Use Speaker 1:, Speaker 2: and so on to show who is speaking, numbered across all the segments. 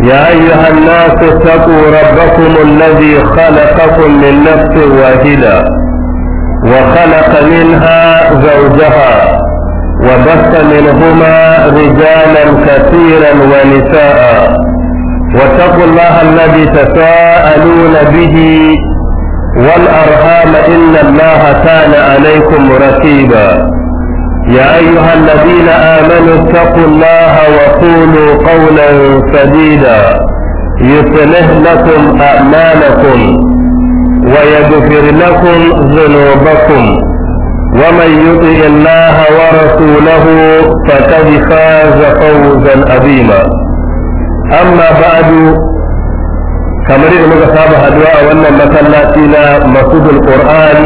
Speaker 1: يا أيها الناس اتقوا ربكم الذي خلقكم من نفس واحدة وخلق منها زوجها وبث منهما رجالا كثيرا ونساء واتقوا الله الذي تساءلون به والأرهام إن الله كان عليكم رقيبا يا أيها الذين آمنوا اتقوا الله وقولوا قولا سديدا يصلح لكم أعمالكم ويغفر لكم ذنوبكم ومن يطع الله ورسوله فقد فاز فوزا عظيما أما بعد كما يقول muka saba haduwa a wannan masallaci na masudul Qur'an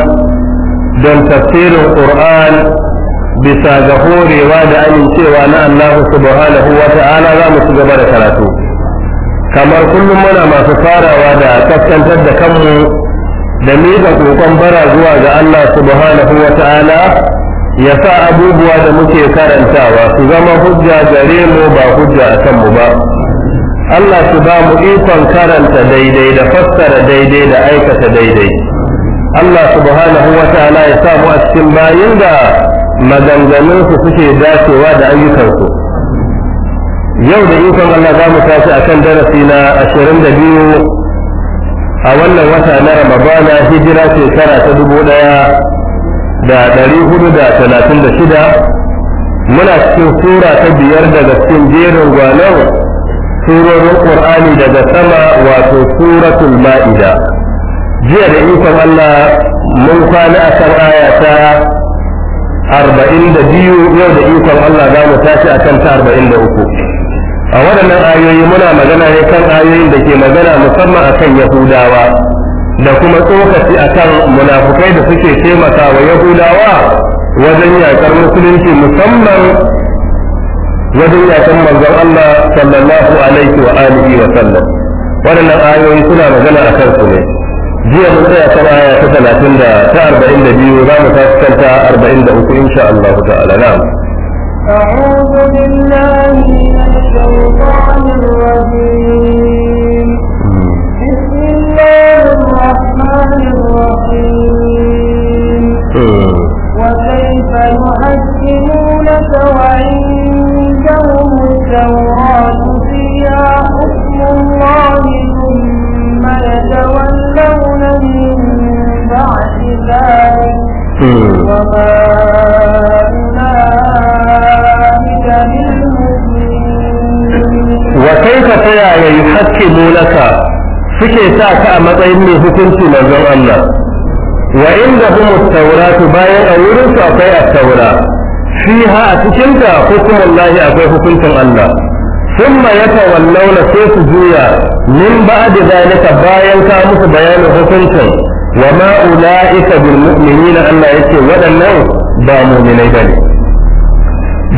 Speaker 1: bisa ga horewa da amincewa na Allah subhanahu wa ta'ala za mu ci gaba da karatu kamar kullum muna masu farawa da kaskantar da kanmu da miƙa kokon bara zuwa ga Allah subhanahu wa ta'ala ya sa abubuwa da muke karantawa su zama hujja gare mu ba hujja a kanmu ba Allah su ba mu ikon karanta daidai da fassara daidai da aikata daidai Allah subhanahu wa ta'ala ya sa mu a cikin bayin da maganganun su suke dacewa da ayyukansu yau da ikon Allah za mu tashi a kan darasi na ashirin da biyu a wannan wata na ramadana hijira shekara ta dubu ɗaya da ɗari hudu da talatin da shida muna cikin sura ta biyar daga cikin jerin gwanon surorin ƙur'ani daga sama wato suratul ma'ida jiya da ikon Allah mun kwana a kan aya ta arba'in da biyu yau da ikon Allah za mu tashi a kan ta arba'in da uku a waɗannan ayoyi muna magana ne kan ayoyin da ke magana musamman a kan yahudawa da kuma tsokaci a kan munafukai da suke taimaka wa yahudawa wajen yaƙar musulunci musamman wajen yaƙar manzon Allah sallallahu alaihi wa alihi wa sallam waɗannan ayoyi suna magana a kan su ne jiya mun tsaya kan aya ta talatin da ta arba'in da biyu za mu tashi kan ta arba'in da uku insha Allah ta'ala na'am
Speaker 2: أعوذ بالله من الشيطان الرجيم بسم الله الرحمن الرحيم وكيف يحكمونك وعيد وما أولئك ya
Speaker 1: yi haske يحكمونك suke sa ka a matsayin mai hukunci manzon Allah wa inda hum tauratu bayan a wurin su akwai at-taura fiha a cikin ta hukumullahi akwai hukuncin Allah thumma yatawallawna sai su juya min ba'di zalika bayan ka musu bayanin hukuncin wa ma ulaika bil mu'minina Allah yace waɗannan ba mu'minai bane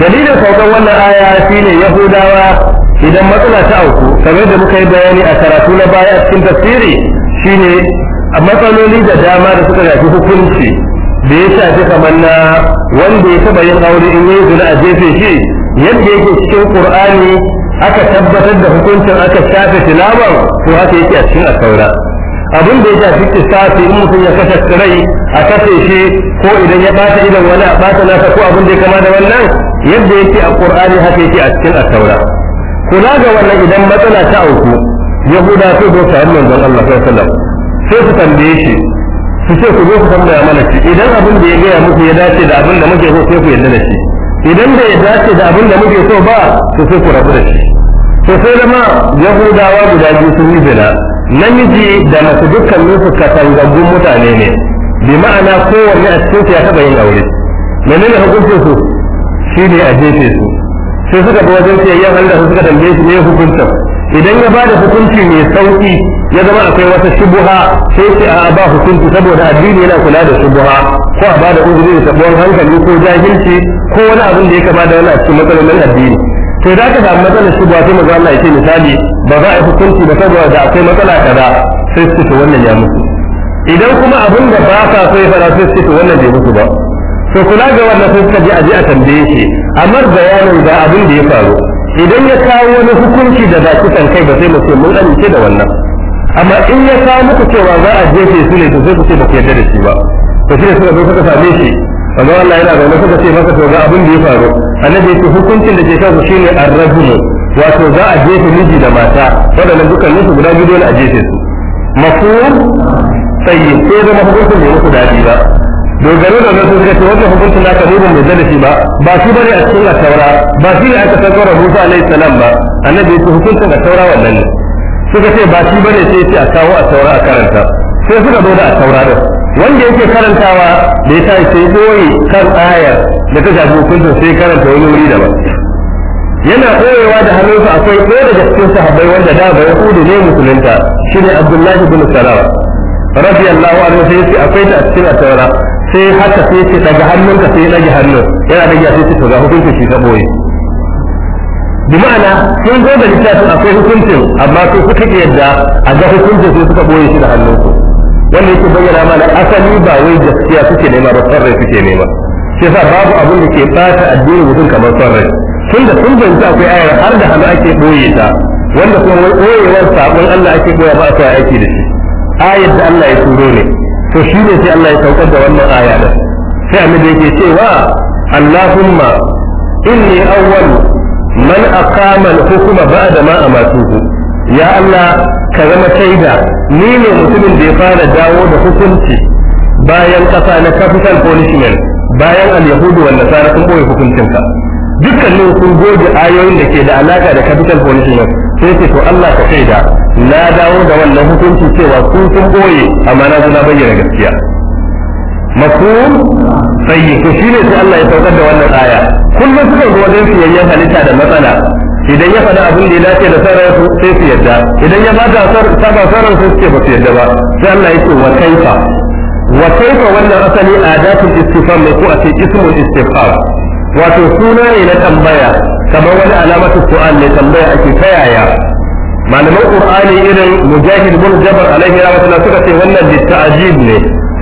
Speaker 1: dalilin saukan wannan aya shine yahudawa idan matsala ta auku kamar da muka yi bayani a karatu na baya a cikin tafsiri shine matsaloli da dama da suka shafi hukunci da ya shafi kamar na wanda ya taɓa yin aure in yayi zina a jefe shi yadda yake cikin qur'ani aka tabbatar da hukuncin aka shafe tilawan ko haka yake a cikin asaura abin da ya shafi kisafi in mutum ya kashe tsirai a kashe shi ko idan ya bata idan wani a bata nasa ko abin da ya kama da wannan yadda yake a qur'ani haka yake a cikin at-taura kula ga wannan idan matsala ta auku yahuda su zo hannun don Allah sallallahu alaihi sai su tambaye shi su ce ku zo ku tambaya mana shi idan abin da ya gaya muku ya dace da abin da muke so sai ku yarda da shi idan bai dace da abin da muke so ba to sai ku rabu da shi to sai zama yahudawa guda biyu sun yi zina namiji da mace dukkanin su katangaggun mutane ne bi ma'ana kowanne a cikin su ya taba yin aure menene hukunci su shi ne a jefe su sai suka bi wajen sai yan Allah suka tambaye shi ne hukuncin idan ya ba da hukunci mai sauki ya zama akwai wata shubuha sai sai a ba hukunci saboda addini yana kula da shubuha ko a bada uzuri da sabuwar hankali ko jahilci ko wani abin da ya kama da wani a cikin matsalolin addini sai da ka samu matsalar shi ba sai maza Allah ya ce misali ba za a yi hukunci da saboda da akwai matsala kaza sai su ce wannan ya mutu idan kuma abin da ba sa so ya fara sai su ce wannan bai mutu ba to kula ga wannan sai suka je a je a tambaye shi amma bayanin ga abin da ya faru idan ya kawo wani hukunci da ba kisan kai ba sai mu ce mun amince da wannan amma in ya kawo muku cewa za a jefe su ne to sai ku ce ba ku yarda da shi ba to shi ne suka zo suka same shi wanda Allah yana zaune suka ce masa to ga abin da ya faru annabi yake hukuncin da ke kansu shine ar-rajulu wato za a jefe miji da mata wadannan dukkan su guda biyu dole a jefe su mafhum sai ko da hukuncin bai musu dadi ba dogaro da wasu suka ce wannan hukuncin naka ne ban yarda da shi ba ba shi bane a cikin taura ba shi ne aka saukar Musa alaihi salam ba annabi yake hukuncin a taura wannan ne suka ce ba shi bane sai ya ce a kawo a taura a karanta sai suka zo da a taura din wanda yake karantawa da ya sai sai boye kan ayar da ta shafi hukuncin sai karanta wani wuri daban yana koyewa da hannunsa akwai ɗaya daga cikin sahabbai wanda da ba kudu ne musulunta shine abdullahi bin salam radiyallahu anhu sai akwai ta a cikin atawara sai haka sai ce daga hannunka sai ya dage hannun yana dage sai ce ga hukuncin shi ta boye ma'ana sun zo da littafin akwai hukuncin amma sai suka yadda a ga hukuncin sai suka boye shi da hannunsu wanda yake bayyana mana asali ba wai gaskiya suke nema ba son suke nema shi yasa babu abin da ke fata addinin mutum kamar son tun da sun fahimci akwai ayar har da hannu ake boye ta wanda kuma wai boyewar sabon Allah ake boya ba a sa aiki da shi ayar da Allah ya turo ne to shi ne sai Allah ya saukar da wannan aya da sai da yake cewa Allahumma inni awwal man aqama al-hukma ba'da ma amatuhu ya Allah ka zama shaida ni ne mutumin da ya fara dawo da hukunci bayan kasa na capital punishment bayan al-yahudu wal nasara sun boye hukuncinka dukkanin sun goge ayoyin da ke da alaka da capital punishment sai ce to Allah ka shaida na dawo da wannan hukunci cewa ku sun boye amma na na bayyana gaskiya mafhum sayyi to shine sai Allah ya saukar da wannan aya kullum suka zo wajen siyayyen halitta da matsala idan ya faɗa abin da ya dace da sarar su sai su yadda idan ya bata saba sarar su suke ba su yadda ba sai Allah ya ce wa kaifa wa kaifa wannan asali adatul istifham ne ko a ce ismul istifham wato suna ne na tambaya kamar wani alamatu su'al ne tambaya ake ta yaya malaman qur'ani irin mujahid bin jabal alaihi rahmatullah suka ce wannan litta'jib ne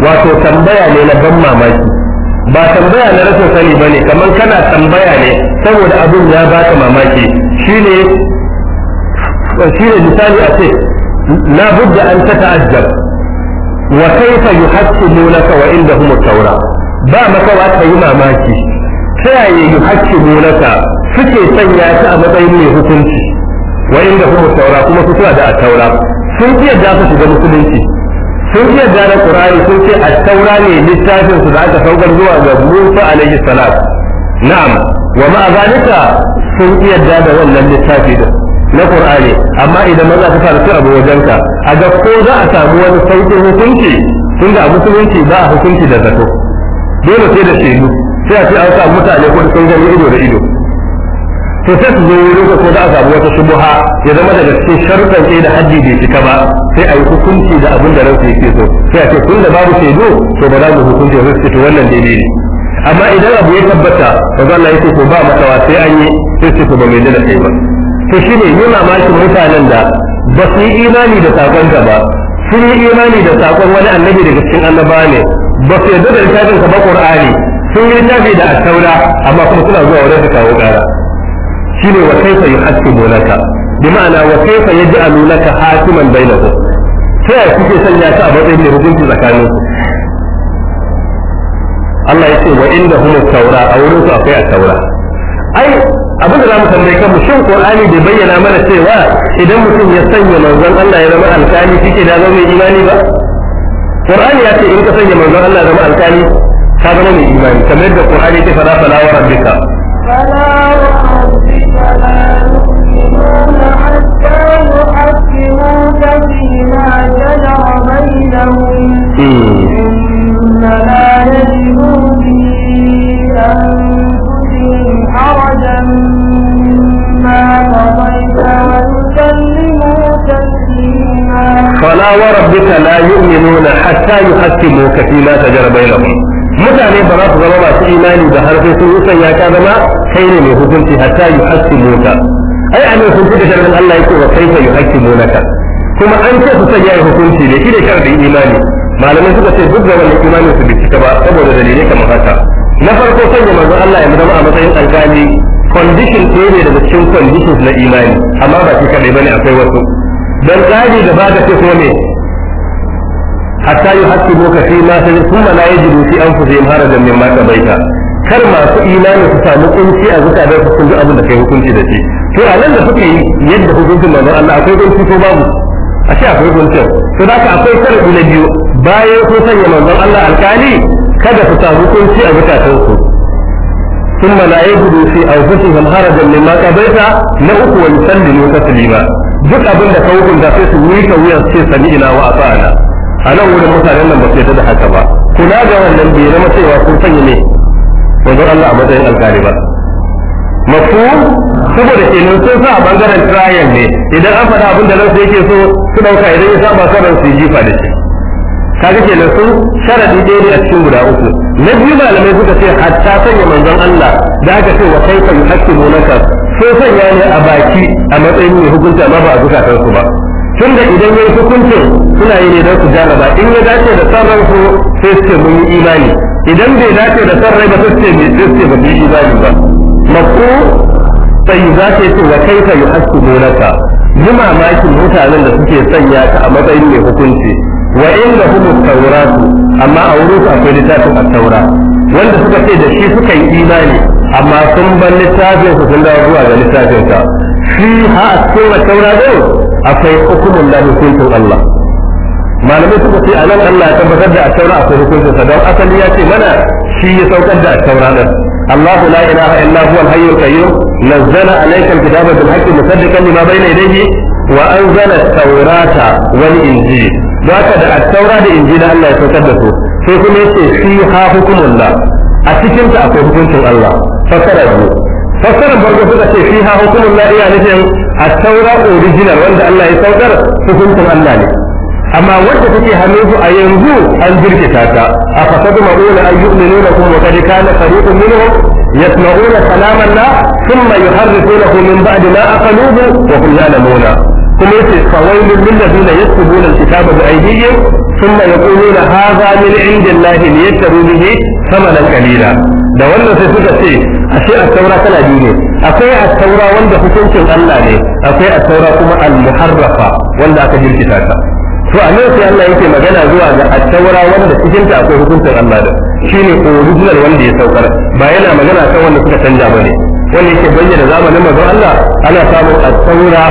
Speaker 1: wato tambaya ne na ban mamaki ba tambaya na rashin sani bane kamar kana tambaya ne saboda abin ya baka mamaki shine
Speaker 2: shine misali a ce
Speaker 1: la budda an tata'ajjab wa kaifa yuhaqqimunaka wa indahum at-taura ba makawa ta yi mamaki ta yaya yuhaqqimunaka suke sanya ta a matsayin mai hukunci wa indahum at-taura kuma su suna da taura sun iya da su shiga musulunci sun iya da qur'ani sun ce a taura ne littafin su da aka saukar zuwa ga Musa alaihi salam na'am wa ma'a zalika sun iya da wannan littafi da na Qur'ani amma idan maza ka fara abu wajenka a ga ko za a samu wani sauƙin hukunci tun da a musulunci ba a hukunci da zato dole sai da shaidu sai a ce an samu mutane ko sun gani ido da ido to sai su zo ko za a samu wata shubuha ya zama daga cikin sharuɗan ɗaya da hajji bai cika ba sai a yi hukunci da abin da ransa yake so sai a ce tun da babu shaidu to ba za mu hukunci da to wannan daidai ne amma idan abu ya tabbata za a yi ko ba makawa sai an yi sai su ba mai da kai ba to ne yi mamakin mutanen da ba su yi imani da sakon ba sun yi imani da sakon wani annabi daga cikin annaba ne ba su yarda da littafin ka ba qur'ani sun yi littafi da attaura amma kuma suna zuwa wurin da kawo kara shine wa kaifa yuhakkimuna ka bi ma'ana wa kaifa yaj'aluna ka na bainahum sai suke sanya ka a matsayin da hukunci tsakaninku. Allah ya ce wa inda hum taura a wurin su akwai a taura ai abin da zamu tambaye kanmu shin Qur'ani bai bayyana mana cewa idan mutum ya sanya manzon Allah ya zama alƙali shi da zama mai imani ba Qur'ani ya ce in ka sanya manzon Allah ya zama alƙali ka zama mai imani kamar yadda Qur'ani ya fara fala wa rabbika
Speaker 2: fala wa rabbika la yu'minuna hatta yuhaqqimuka fima shajara bainahum ثم hmm. لا يجدون فلا وربك لا
Speaker 1: يؤمنون حتى يحكموك فيما تجر بينهم mutane ba za su zama masu imani da har sai sun yi sanya ka zama kai ne mai hukunci hatta yi hakki mota ai a nan sun da sharadin Allah yake wa kai ka yi hakki monaka kuma an ce su sanya yi hukunci ne shi ne sharadin imani malamai suka ce duk da wani imani su bincika ba saboda dalilai kamar haka na farko sanya manzon Allah ya zama a matsayin alkali condition ɗaya ne daga cikin conditions na imani amma ba shi kadai bane akwai wasu dan tsari da ba da ce so ne hatta yi haƙƙi lokaci ma sai kuma la yajidu fi anfusihim harajan mimma ta kar masu imani su samu kunci a zukatan su ji abin da kai hukunci da shi to a nan da suka yi yadda hukuncin manzon Allah akwai gunci ko babu a ce akwai gunci to da akwai sarari na biyu bayan sun sanya manzon Allah alkali kada su samu kunci a zukatansu ثم لا يجدوا kabaita na uku wani قضيت نؤك ويسلموا تسليما duk abin da ka hukunta sai su wuyi ka wuya ce sami ina wa sa'ana a nan wurin mutanen nan ba su da haka ba kula ga wannan bai zama cewa kun sanya ne wanda Allah a matsayin alkali ba mafu saboda kenan sun sa a bangaren trial ne idan an faɗa abin da nan su yake so su ɗauka idan ya saba sa ran su yi jifa da shi kaga kenan sun sharadi ɗaya ne a cikin guda uku na biyu malamai suka ce hatta sanya manzon Allah da aka ce wa kaifa yuhaqqimunaka sai sanya ne a baki a matsayin mai hukunci amma ba a zukatan su ba tun da idan yayi hukuncin suna yi ne don su jarraba in ya dace da sabon su sai su ce mun yi imani idan bai dace da rai ba sai su ce sai su ce ba su yi imani ba mafu sai za ta ce wa kaifa yuhaqqimunaka yi mamakin mutanen da suke sanya ka a matsayin mai hukunci wa inda hum at amma a wurin su akwai littafin a taura wanda suka ce da shi suka yi imani amma sun bar littafin su sun dawo zuwa ga littafin ka shi ha a cikin at-taura din akwai hukumun da hukuncin Allah malamai suka ce anan Allah ya tabbatar da at-taura akwai hukuncin sa don asali ya ce mana shi ya saukar da at-taura din الله لا اله الا هو الحي القيوم نزل عليك الكتاب بالحق مصدقا لما بين يديه وانزل التوراه والانجيل za ka da attaura da injila Allah ya saukar da su sai kuma yace fi ha hukumun hukumullah a cikin ta akwai hukuncin Allah fassara ne fasara barka suka ce fi ha hukumun hukumullah iya nufin attaura original wanda Allah ya saukar hukuncin Allah ne amma wanda take hannun su a yanzu an jirkita ta a fasadu ma'una an yi ne lakum wa qad kana fariqun minhum yasma'una kalam Allah thumma yuharrifunahu min ba'di ma aqalubu wa hum ya'lamun kuma yace fawailul lil ladina yaktubuna alkitaba bi aydihim thumma yaquluna hadha min indillahi liyashtaru bihi thamanan qalila da wannan sai suka ce ashe at-taura tana biyu ne akwai at-taura wanda hukuncin Allah ne akwai at-taura kuma al-muharrafa wanda aka jirkita ta to a nan sai Allah yake magana zuwa ga at-taura wanda cikin ta akwai hukuncin Allah da shine original wanda ya saukar ba yana magana kan wanda suka canja bane wanda yake bayyana zamanin manzo Allah ana samun at-taura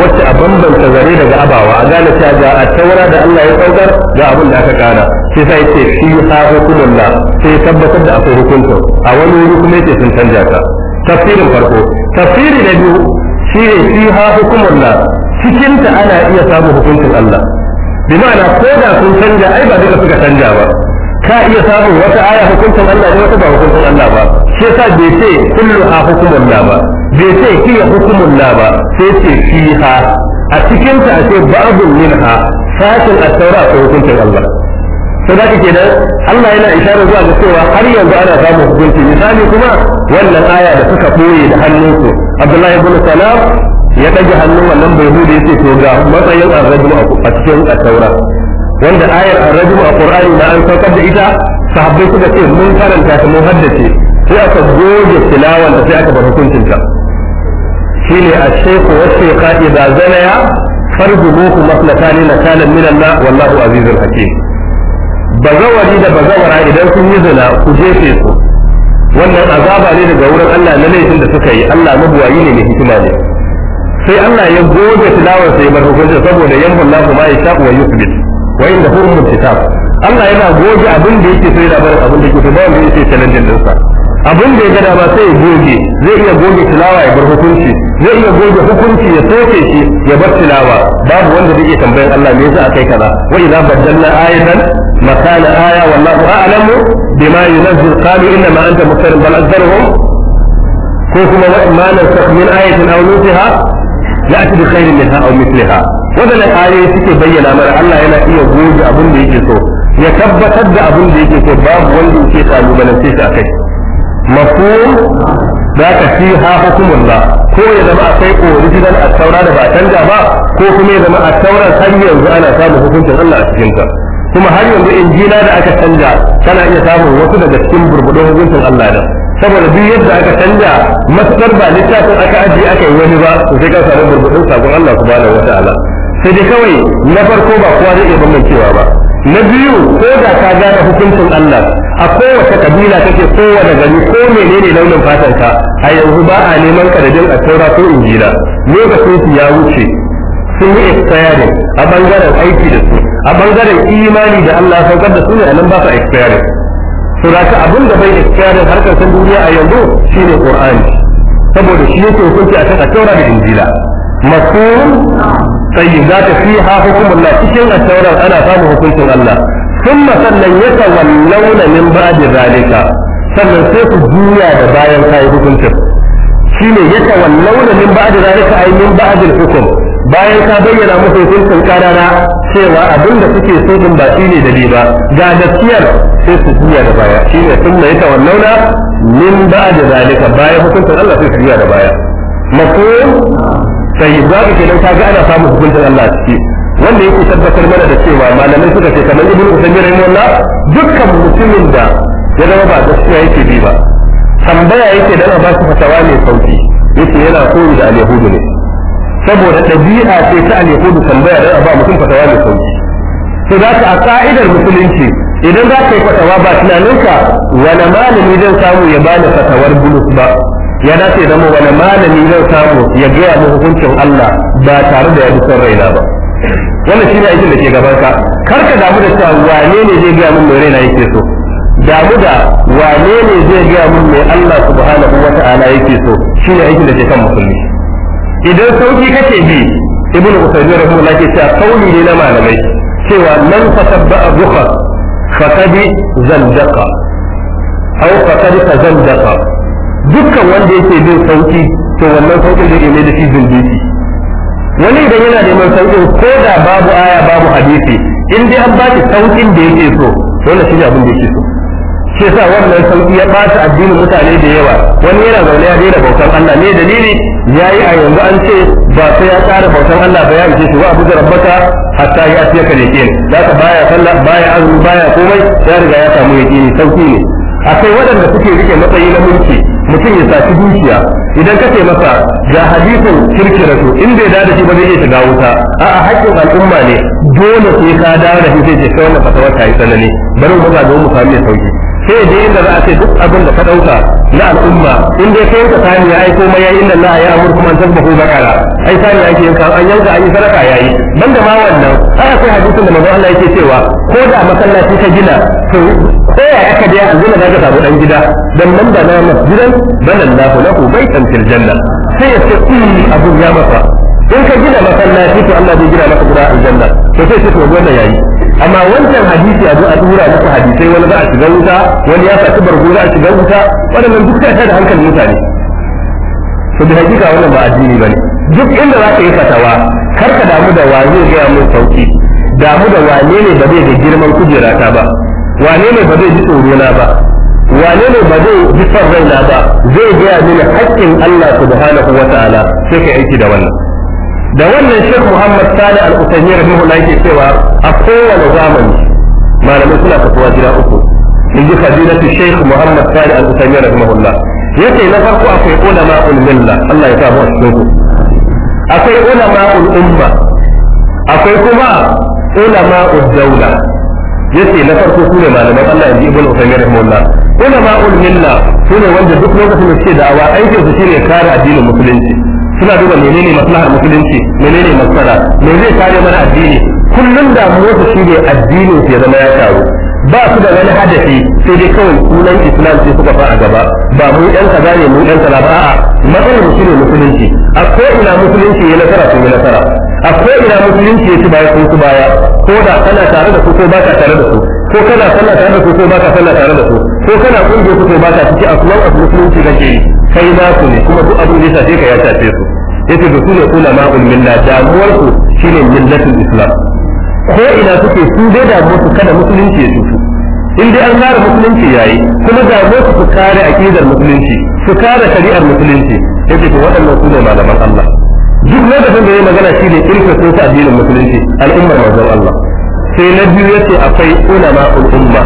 Speaker 1: wacce a bambanta zare daga abawa a gane cewa ga at-taura da Allah ya saukar ga abin da aka kana sai sai ce shi ha la sai tabbatar da akwai hukunta a wani wuri kuma yake sun canja ta tafsirin farko tafsiri na biyu shi ne shi ha hukumullah cikin ta ana iya samun hukuncin Allah bi ma'ana ko da sun canja ai ba duka suka canja ba ka iya samun wata aya hukuncin Allah ne wata ba hukuncin Allah ba shi yasa bai ce kullu ha hukumun la ba bai ce ya hukumun la ba sai ce fiha a cikin ta ce ba'dun minha sashin at-taura ko hukuncin Allah sai da kike da Allah yana isharar zuwa ga cewa har yanzu ana samun hukunci misali kuma wannan aya da suka boye da hannunsu Abdullahi ibn Salam ya daga hannun wannan bai hude yace to ga matsayin arrajul a cikin at-taura wanda ayar ar-rajul a qur'ani na an saukar da ita sahabbai suka ce mun karanta ta mun haddace sai aka goge tilawan da sai aka bar hukuncin ta ne ash-shaykhu wa shaykha idza zanaya farjuhu maslatan nakala min Allah wallahu azizul hakim bazawari da bazawara idan sun yi zina ku jefe su wannan azaba ne daga wurin Allah na laifin da suka yi Allah mabuwayi ne mai hikima ne sai Allah ya goge tilawar sai bar hukunci saboda yanbun lahu ma yasha wa yuthbit wa inda hurmul kitab Allah yana goge abin da yake so da barin abin da yake so ba wanda yake challenge din sa abin da ya gada ba sai ya goge zai iya goge tilawa ya bar hukunci zai iya goge hukunci ya soke shi ya bar tilawa babu wanda zai iya tambayan Allah me yasa akai kaza wa idza badalna ayatan makana aya wallahu a'lamu bima yunzil qalu inna ma anta muftar bal aktharuhum ko kuma ma nasakh min ayatin aw nusiha ya'ti bi khairin minha aw mithliha wadannan ayoyi suke bayyana mana Allah yana iya goge abin da yake so ya tabbatar da abin da yake so babu wanda yake kalubalance shi akai mafhum da ka fi ha hukumullah ko ya zama akwai original a da ba canja ba ko kuma ya zama a taura har yanzu ana samun hukuncin Allah a cikin ta kuma har yanzu injila da aka canja tana iya samun wasu daga cikin burbudun hukuncin Allah da saboda duk yadda aka canja matukar ba littafin aka ajiye aka yi wani ba to sai ka samu burbudun sakon Allah subhanahu wataala sai dai kawai na farko ba kowa zai iya bambancewa ba na biyu ko da ka gane hukuncin Allah a kowace kabila kake kowane gari ko menene launin fatan ka a yanzu ba a neman ka da jin a taura ko injila lokacin su ya wuce sun yi expiring a bangaren aiki da su a bangaren imani da Allah saukar da su ne a nan ba su expiring ka abin da bai expiring harkar san duniya a yanzu shine Qur'ani saboda shi yake hukunci a kan taura da injila مفهوم طيب ذات فيها حكم الله تشين التوراة أنا فاهم حكم الله ثم سنن يتولون من بعد ذلك sannan sai su juya da bayan kayi hukuncin shi ne ya tawallau min ba'd zalika ay min ba'd hukum bayan ka bayyana musu hukuncin karara cewa abin da suke so din ba shine dali ba ga gaskiyar sai su juya da baya shi ne sunna ya tawallau min da zalika bayan hukuncin Allah sai su juya da baya mafhum sai za ka kenan ka ga ana samun hukuncin Allah a ciki wanda yake tabbatar mana da cewa malamai suka ce kamar ibnu usaymin rahimahullah dukkan mutumin da ya zama ba gaskiya yake bi ba tambaya yake dan a ba shi fatawa mai sauki yake yana koyi da alyahudu ne saboda ɗabi'a ce ta alyahudu tambaya dan ba mutum fatawa mai sauki to za ka a ka'idar musulunci idan za ka yi fatawa ba tunaninka wani malami zan samu ya bani fatawar bulus ba ya dace da mu wani malami zai samu ya gaya mu hukuncin Allah ba tare da ya bi son raina ba wannan shine aikin da ke gaban ka kar ka damu da cewa wane ne zai gaya mun mai raina yake so damu da wane ne zai gaya mun mai Allah subhanahu wata'ala yake so shine aikin da ke kan musulmi idan sauki kake bi ibnu usaymin rahimahullah ke cewa kauli ne na malamai cewa man fatabba rukhas faqad zandaqa aw zan zandaqa dukkan wanda yake bin sauki to wannan saukin zai iya da shi zindiki wani idan yana neman saukin ko da babu aya babu hadisi in dai an baki saukin da yake so dole shi ne abin da yake so ke sa wannan sauki ya bata addinin mutane da yawa wani yana zaune a daina bautan Allah ne dalili yayi a yanzu an ce ba sai ya tsara bautan Allah ba ya ishe shi wa abu da rabbaka hatta ya fiye ka yake da ka baya sallah baya azumi baya komai ya riga ya samu yake sauki ne akwai waɗanda suke rike matsayi na mulki mutum ya saci dukiya idan ka ce masa ga hadisin kirki su in bai dada shi ba zai iya shiga wuta a haƙƙin al'umma ne dole sai ka dawo da shi sai ce kai wannan fatawa ta yi sanani bari mu ga mu sami sauki sai dai inda za a ce duk abin da ka ɗauka na al'umma in dai kai ka sani ya aiko mai yayin da Allah ya amur kuma san ba ko bakara ai sani ake yanka an yanka an yi sadaka yayi banda ma wannan ai sai hadisin da manzo Allah yake cewa ko da masallaci ka gina to ko ya aka biya su gina zaka samu dan gida dan nan da na masjidan balan lahu lahu baitan fil janna sai ya ce hmm, abun ya masa in ka gina masallaci to Allah zai gina maka gida aljanna to sai sai to wannan yayi amma wancan hadisi a zo a tura maka hadisai wani za a shiga wuta wani ya saki bargo za a shiga wuta wannan duk ta da hankalin mutane to da hakika wannan ba addini bane duk inda za ka yi fatawa kar ka damu da wa zai gaya mun sauki damu da wane ne ba zai ga girman kujera ta ba wane ne ba zai ji tsoro na ba wane ne ba zai ji son na ba zai gaya mini haƙƙin Allah subhanahu wa ta'ala sai ka aiki da wannan da wannan Sheikh Muhammad Salih Al-Utaymi rahimahullah yake cewa a kowane zamani malamai suna fatuwa gida uku in ji fadilatu Sheikh Muhammad Salih Al-Utaymi rahimahullah yake na farko akwai ulama milla Allah ya sa mu cikin ku akwai ulama umma akwai kuma ulama daula yace na farko sune malamai Allah ji ibn usaymin rahimahullah ulama ul milla sune wanda duk lokacin da suke da'awa aikin su shine kare addinin musulunci suna duba menene maslahar musulunci menene maslaha me zai kare mana addini kullum da mu wasu shine addinin su ya zama ya karu ba su da wani hadafi sai dai kawai sunan islam sai suka fa a gaba ba mu yan kaza ne mu yan kaza ba a'a matsalar mu shine musulunci a ko ina musulunci ya nasara sun yi nasara a ko ina musulunci ya ci baya ko su baya ko da kana tare da su ko baka tare da su ko kana sallah tare da su ko baka sallah tare da su ko kana kungiya su ko baka ciki a kuma a musulunci kake kai na su ne kuma duk abin da ya shafe ka ya shafe su yace da su ne kula ma'ul na damuwar su shine millatul islam ko ina suke su dai da su kada musulunci ya su in dai an kare musulunci yayi kuma da su su kare aqidar musulunci su kare shari'ar musulunci yace to waɗannan su ne malaman Allah duk lokacin da ya magana shi ne ilka sun sa addinin musulunci al'ummar mazan Allah sai na biyu yace akwai ulama umma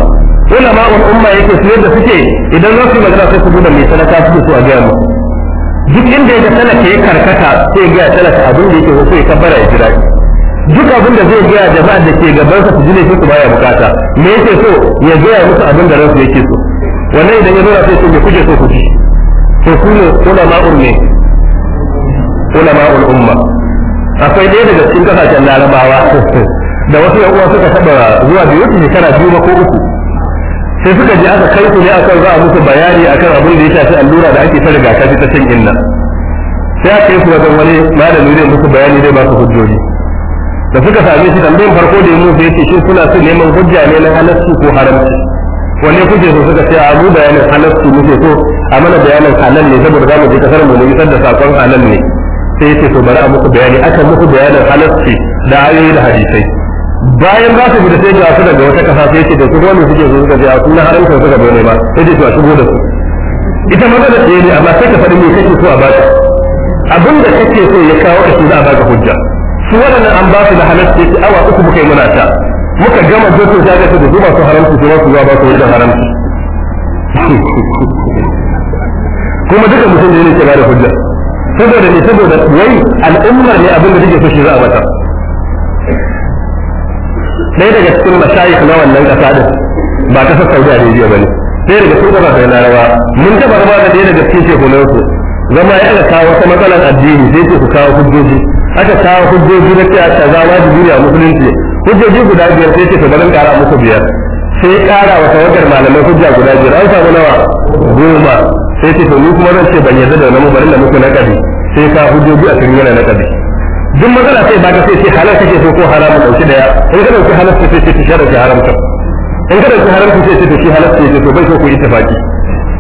Speaker 1: ulama umma yake su yadda suke idan za su magana sai su buɗe mai su ke so a gaya mu duk inda ya talaka ya karkata sai ga talaka abin da yake so ya kabbara ya jira duk abin da zai gaya jama'a da ke gaban sa su ji ne su baya bukata me yake so ya gaya musu abin da ransu yake so wannan idan ya zo sai su ne kuje so ku ci to su ne ulama umma ulama'ul umma akwai ɗaya daga cikin kasashen larabawa da wasu ya uwa suka taɓa zuwa biyu shekara biyu ba ko uku sai suka je aka kai su ne akan za a musu bayani akan abin da ya shafi allura da ake fara rigakafi ta shan inna sai aka yi su wajen wani malami zai musu bayani zai ba su hujjoji da suka same shi tambayin farko da ya musu ya ce shi suna su neman hujja ne na halarci ko haramci wanne kuje su suka ce a mu bayanin halarci muke so a mana bayanin halal ne saboda za mu je kasar mu ne isar da sakon halal ne sai ya ce to bari a muku bayani aka muku bayanin halarci da ayoyi da hadisai bayan ba su sai ga su daga wata kasa sai ce da su wani suke zo suka a kuma suka ba sai dai su a shigo da su ita ne amma sai ka faɗi me kake so a baka abin da kake so ya kawo ka shi za a baka hujja su waɗannan an ba su da halarci sai awa uku muka yi muna ta muka gama jirgin ta ga haramci su zuwa ba su wajen haramci kuma duka mutum da yake ba da saboda ne saboda wai al'umma ne abin da take so shi za a mata ɗaya daga cikin mashayikh na wannan ƙasa din ba kasar saudi arabia ba ne ɗaya daga cikin ƙasashen larabawa mun taɓa raba da ɗaya daga cikin shekunansu zama ya kawo wata matsalar addini sai ce ku kawo hujjoji aka kawo hujjoji na ce a kaza wajibi a musulunci hujjoji guda biyar sai ce to barin ƙara musu biyar sai ƙara wa tawagar malamai hujja guda biyar an samu nawa goma sai ce to ni kuma zan ce ban yarda da wannan bari da muku na kabi sai ka hujjoji a cikin yana na kabi duk matsala sai baka sai ce halal kake so ko haramun dauki daya in ka dauki halal sai ce shara ki haramta in ka dauki haramta sai ce to shi halal sai ce to bai so ku yi tafaki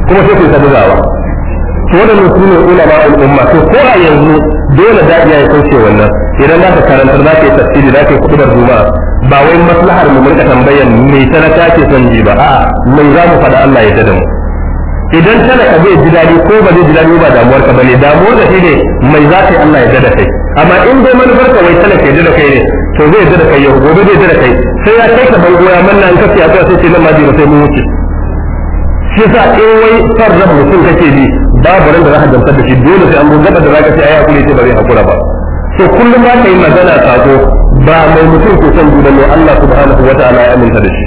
Speaker 1: kuma sai ku tabu zawa to wannan musulmi ne ulama al-umma to ko a yanzu dole da iya ya kauce wannan idan za ka karantar za ka yi tafsiri za ka yi kutubar juma'a ba wai maslahar mu mun ka tambayan me talaka ke son ji ba a'a mai za mu faɗa Allah ya tada mu idan talaka bai ji dadi ko ba zai ji dadi ba damuwar ka bane damuwar da shine mai za ta Allah ya dada kai amma in dai manufar ka wai talaka ke dada kai ne to zai dada kai yau gobe zai dada kai sai ya kai ka bango ya manna an kafi a tsaya sai ce nan ma jira sai mun wuce shi yasa in wai da mutum kake bi babu ran da za ka da shi dole sai an bu gaba da za ka ce ai hakuri sai ba zai hakura ba so kullum ba ka yi magana zo ba mai mutum ke son gudanar Allah subhanahu wa ta'ala ya aminta da shi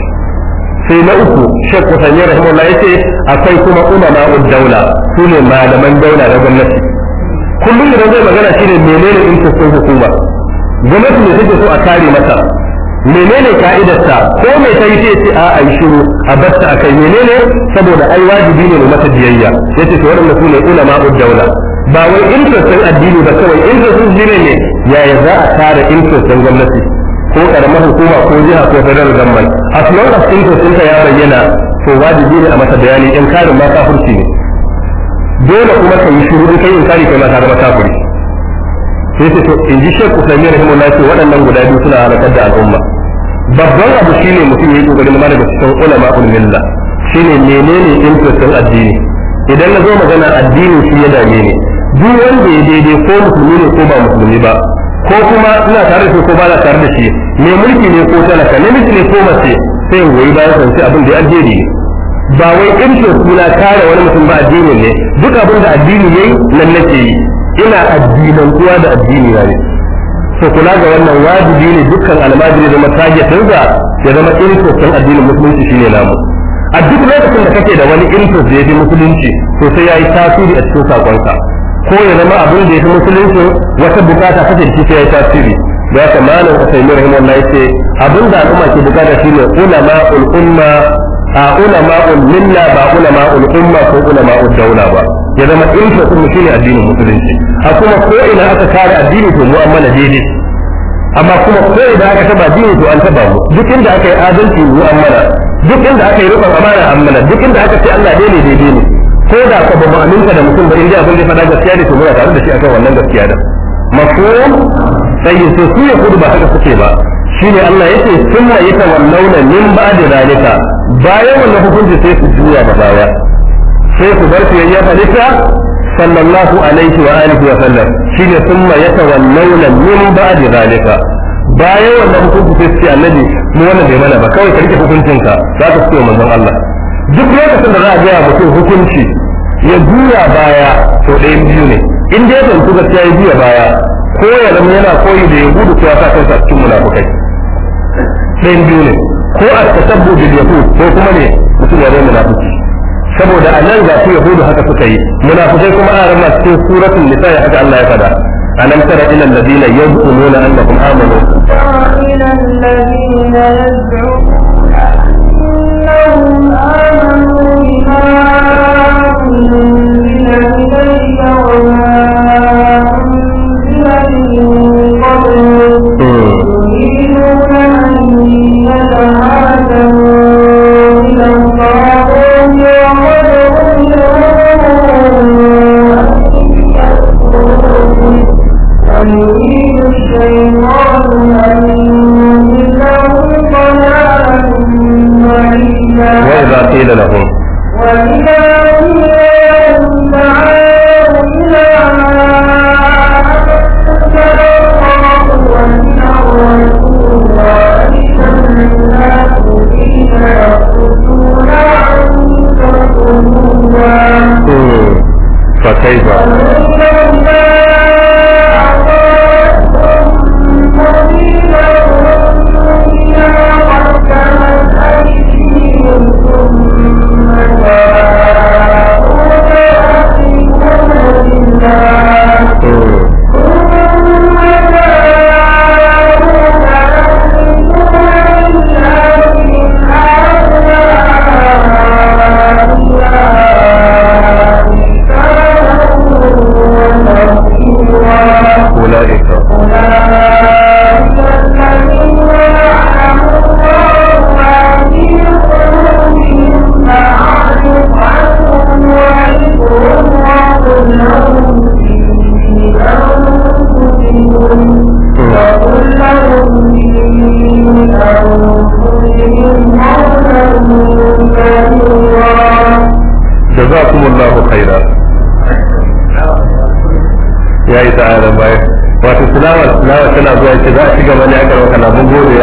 Speaker 1: sai na uku shek kusanye ya yace akwai kuma ulama daula su ne malaman daula na gwamnati kullum idan zai magana shine menene interest hukuma gwamnati ne take so a kare mata menene ka'idarta ko mai ta yi ce a a yi shiru a batta a kai menene saboda ai wajibi ne mai mata biyayya Ya ce waɗanda su ne ulama daula ba wai interest addini ba kawai interest din ne yaya za a kare interest din gwamnati ko karamar hukuma ko jiha ko federal government as long as sun ta ya bayyana to wajibi ne a masa bayani in karin ma kafirci ne dole kuma ka yi shiru kai in kari kai ma ka zama kafiri sai ce to in ji shekku sami rahimullah ce waɗannan guda biyu suna halakar da al'umma babban abu shine mutum ya yi kokarin ma daga cikin ulama ulmilla shine menene interest addini idan na zo magana addini shi ya dame ne. duk wanda ya daidai ko musulmi ne ko ba musulmi ba ko kuma ina tare da shi ko ba na tare da shi ne mulki ne ko talaka mulki ne ko mace sai in goyi bayan sanci abin da ya jeri ba wai irshe suna kare wani mutum ba addini ne duk abin da addini yayi nan nake yi ina addinan kuwa da addini na ne so kula ga wannan wajibi ne dukkan almajiri da tun da ya zama irshe sun addinin musulunci shine namu a duk lokacin da kake da wani irshe da ya fi musulunci to sai yayi tasiri a cikin sakonka ko ya zama abin da ya fi musulunci wata bukata kake da shi sai yayi tasiri da haka malam usaimi rahimahullah yace abin da al'umma ke bukata shine ulama ul umma a ulama ul milla ba ulama ul umma ko ulama ul daula ba ya zama interest shi shine addinin musulunci a kuma ko ina aka kare addini to mu amma na daidai amma kuma ko ina aka taba addini to an taba mu duk inda aka yi adalci mu amma duk inda aka yi rubar amana amma duk inda aka ce Allah daidai daidai ne ko da ka ba mu aminta da mutum ba in dai abin da ya faɗa gaskiya ne to ya tare da shi akan wannan gaskiya da mafhum sai su su ya kudu ba haka suke ba shine Allah yake sunna yata wallauna min ba'da zalika bayan wannan hukunci sai su juya ba baya sai su bar fiyayya halitta sallallahu alaihi wa alihi wa sallam shine sunna yata wallauna min ba'da zalika bayan wannan hukunci sai su ce annabi mu wannan bai mana ba kawai ka rike ka za ka fito manzon Allah duk lokacin da za a gaya mutum hukunci ya juya baya to ɗayan biyu ne in dai ban tuka gaskiya ya juya baya ko ya zama yana koyi da yahudu gudu ya sa kansa cikin munafukai ɗayan biyu ne ko a tasabbu da ko kuma ne mutum ya zama munafuki saboda a nan ya yahudu haka suka yi munafukai kuma a rama cikin suratun nisa ya haka Allah ya fada ألم تر إلى الذين يزعمون أنهم آمنوا
Speaker 2: إلى الذين يزعمون أنهم آمنوا وإذا قيل لهم وإذا قيل لهم تعالوا إلى فكيف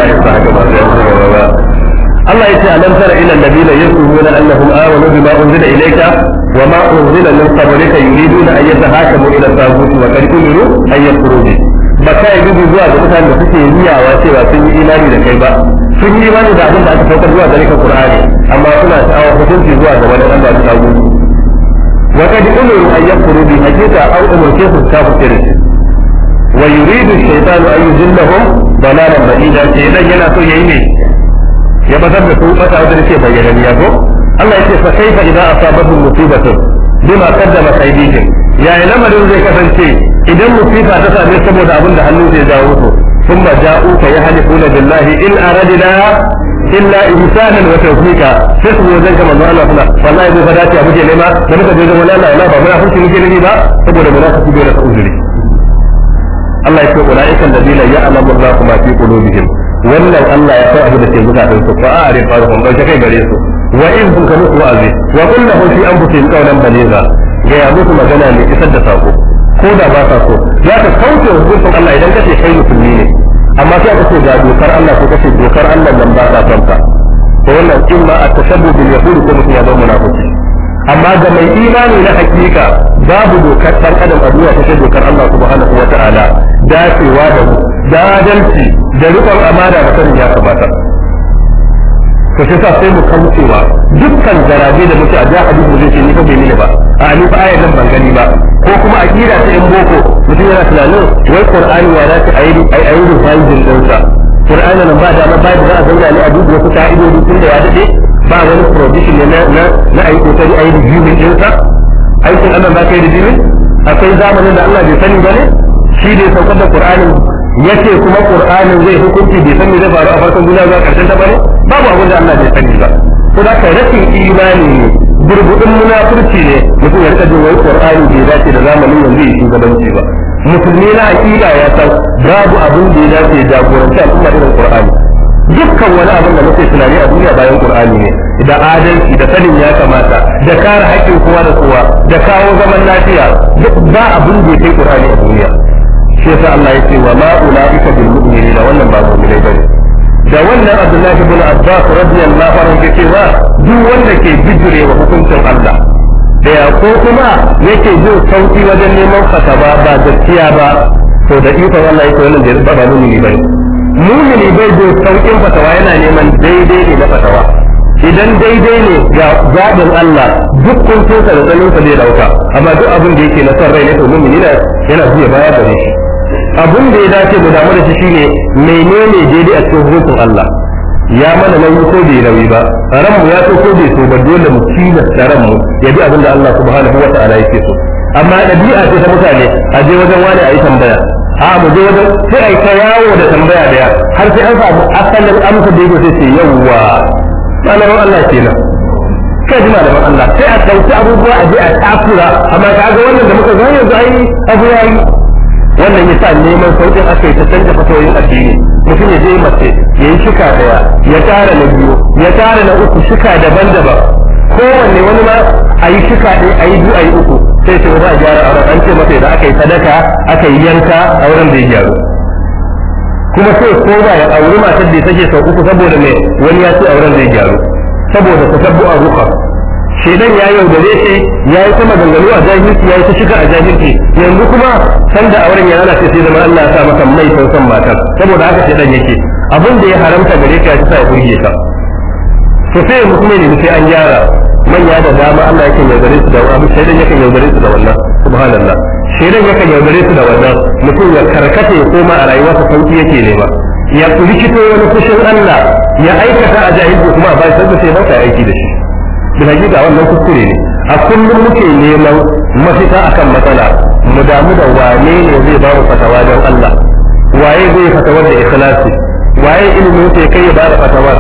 Speaker 2: yin haka ba ba Allah ya ce alam
Speaker 1: tara ila alladhina yaquluna annahum amanu bima unzila ilayka wa ma unzila min qablika yuriduna an yatahakamu ila taghut wa qad umiru an ba gudu zuwa ga mutanen da suke cewa sun yi imani da kai ba sun yi imani da abin da aka saukar zuwa gare ka Qur'ani amma suna sha'awar hukunci zuwa ga wani Allah wa qad umiru an hakika su wa yuridu shaytanu an yuzillahum dalalan ba'ida sai nan yana so yayi ne ya bazar da su bata wajen ce bayyana ya ko Allah yake fa kaifa idza asabatu musibatu bima qaddama aydihim ya lamarin zai kasance idan musiba ta same saboda abin da hannu zai jawo su ثم جاءوك يحلفون بالله إن أردنا illa ihsanan wa tawfika sai su zo zan kamar Allah kuma wallahi mu fada ta muke nema da muka je zama Allah ina ba muna hukunci muke nabi ba saboda munafiki da ta uzuri Allah ya ce ya alamu ya'lamu Allahu ma fi qulubihim wannan Allah ya fara da cikin zukatan su fa a'rifa lahum dan kai gare su wa in kun kanu wa'azi wa qul lahu fi anfusihim qawlan baliga ga ya musu magana ne isar da sako ko da ba ta so ya ka kauce hukuncin Allah idan kace kai musulmi ne amma sai ka ce ga dokar Allah ko kace dokar Allah nan ba ta tanta to wannan in ma a tashabbu bil yahudi ko mutum ya zama munafiki amma ga mai imani na hakika babu dokar dan adam a duniya ta dokar Allah subhanahu wa ta'ala dacewa da mu da adalci da rikon amana da sanin ya kamata to sai sa sai mu kancewa dukkan garaje da muke a jahadi hadisi zai ce ni fa bai mini ba a ni fa ayan nan ban gani ba ko kuma a kira ta yan boko mutum yana tunanin wai qur'ani ya dace a yi a yi rufa'in dinsa qur'ani nan ba da ba da za a zanga ne a duba wasu ka'idodi tun da ya dade ba wani provision ne na na a yi kokari a yi rijimin dinsa aikin Allah ba kai da rijimin akwai zamanin da Allah bai sani ba ne shi ne saukar da qur'anin ce kuma qur'anin zai hukunci bai san me zai faru a farkon duniya zuwa karshen ta bane babu abin da Allah bai sani ba ko da ka rashin imani ne burbudin munafurci ne mutum ya rika jin wai qur'ani bai dace da zamanin yanzu ya shugabanci ba musulmi na aqida ya san babu abin da ya dace jagoranci kuma irin qur'ani dukkan wani abin da muke tunani a duniya bayan qur'ani ne da adalci da sanin ya kamata da kare haƙƙin kowa da kowa da kawo zaman lafiya duk ba abin da ya kai qur'ani a duniya shi yasa Allah ya ce wa ma ulaika bil mu'minina wannan ba mu'minai bane da wannan Abdullahi ibn Abbas radiyallahu anhu ke cewa duk wanda ke bijire wa hukuncin Allah da ya ko kuma yake jin sauki wajen neman fataba ba gaskiya ba to da ikon Allah yake wannan da ba mu'mini bane mu'mini bai jin saukin fatawa yana neman daidai ne na fatawa idan daidai ne ga zaɓin Allah duk kun da tsanin sa zai dauka amma duk abin da yake na son rai ne to mu'mini yana zuwa baya gare shi abun da ya dace mu damu da shi shine menene daidai a cikin hukuncin Allah ya mana nauyi ko bai nauyi ba ran mu ya so ko bai so ba dole mu da ran mu ya bi abin da Allah subhanahu wa ta'ala yake so amma dabi'a ce ta mutane a je wajen wani a yi tambaya a mu je wajen sai a yi ta yawo da tambaya da daya har sai an samu asalin amsa da yake sai ce yawwa malamin Allah kenan kai ji malamin Allah sai a ɗauki abubuwa a je a takura amma ka ga wannan da muka zo yanzu ai abu yayi wannan yasa neman sauƙin aka yi ta canza fasoyin addini mutum ya je mace ya yi shika daya ya tara na biyu ya tara na uku shika daban-daban kowanne wani ma a yi shika ɗaya a yi biyu a yi uku sai ce za a gyara auren an ce masa da aka yi sadaka aka yi yanka da ya gyaru kuma sai ko ba ya auri matar da sake sau uku saboda mai wani ya ce da ya gyaru saboda ta tabbu a ruka shedan ya yaudare shi ya yi ta maganganu a jahilci ya yi ta shiga a jahilci yanzu kuma sanda auren ya lalace sai zama Allah ya sa maka mai tausan mata saboda haka shedan yake abin da ya haramta gare ka ya ci sa ya burge ka to sai yanzu kuma ne sai an gyara manya da dama Allah yake yaudare su da wannan shedan yake yaudare su da wannan subhanallah shedan yake yaudare su da wannan mutum ya karkace ya koma a rayuwarsa sauki yake ba ya rikito wani kushin Allah ya aikata a jahilci kuma ba sai da sai ba ta aiki da shi cikin hakika wannan kuskure ne a kullum muke neman mafita akan matsala mu damu da wane ne zai ba mu fatawa don Allah waye zai fatawa da ikhlasi waye ilimin yake kai ya ba da fatawa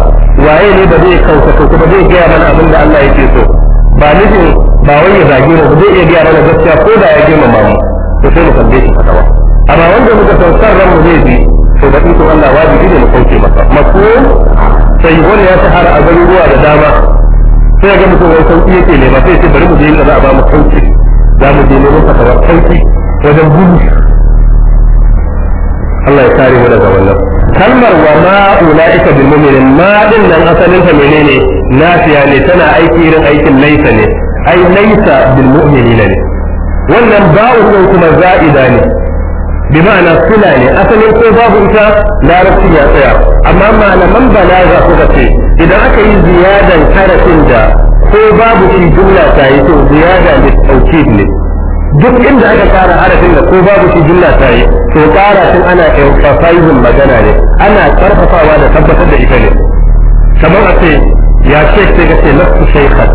Speaker 1: waye ne ba zai kauta ko kuma zai gaya mana abin da Allah yake so ba nufin ba wai ya zage mu zai iya gaya mana gaskiya ko da ya girmama mu to sai mu kalle shi fatawa amma wanda muka san ran mu zai bi to da ikon Allah wajibi ne mu kauce masa mako sai wani ya ta har a garuruwa da dama sai ga mutum wai sauki yake nema sai ce bari mu je inda a ba mu sauki za mu je neman fatawar sauki wajen gudu Allah ya kare mu daga wannan kalmar wa ma ulaika bil mu'minin ma din nan asalin ta menene nafiya ne tana aiki irin aikin laisa ne ai laisa bil mu'minin ne wannan ba'u ko kuma za'ida ne bi ma'ana suna ne asalin ko babu ita larabci ya tsaya amma malaman balaga suka ce idan aka yi ziyadan harafin da ko babu shi jumla ta yi to ziyada da taukid ne duk inda aka kara harafin da ko babu shi jumla ta yi to kara sun ana emphasizing magana ne ana karfafawa da tabbatar da ita ne kamar a ce ya ce sai ka ce lafu shaykhan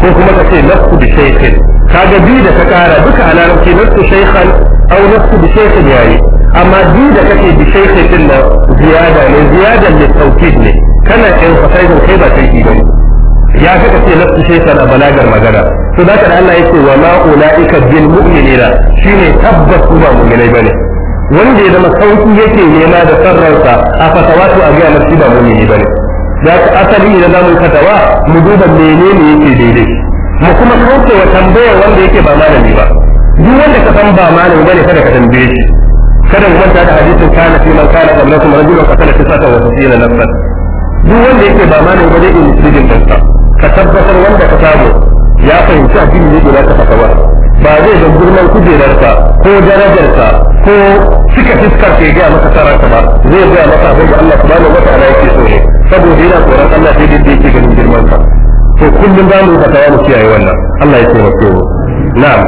Speaker 1: ko kuma ka ce lafu bi ka kaga bi da ka kara duka a larabci lafu shaykhan au lafu bi ya yayi amma bi da kake bi shaykhin din nan ziyada ne ziyadan ne taukid ne kana emphasizing kai ba sarki ba ya kaka ce lafsu shaitan a balagar magana to da da Allah yake wa ma ulaika bil mu'minina shine tabbas ba mu'minai bane wanda ya zama sauki yake nema da sarrafa a fatawatu a ga marci ba mu'mini bane da asali da zamu fatawa mu duba menene yake daidai mu kuma kauce wa tambayar wanda yake ba malami ba duk wanda ka san ba malami bane kada ka tambaye shi kada mu manta da hadisin kana fi man kana qablakum rajulun qatala tisata wa tisina nafsan duk wanda yake ba ma ne ba zai iya musulmin kansa ka tabbatar wanda ka samu ya fahimci a addini ne guda ka fata ba ba zai da girman kujerarka ko darajarka ko cika fiskar ke gaya maka sararka ba zai gaya maka abin da Allah subhanahu ta'ala yake so ne saboda yana tsoron Allah sai dai yake ganin girman ka to kullum za mu fata mu kiyaye wannan Allah ya taimake mu na'am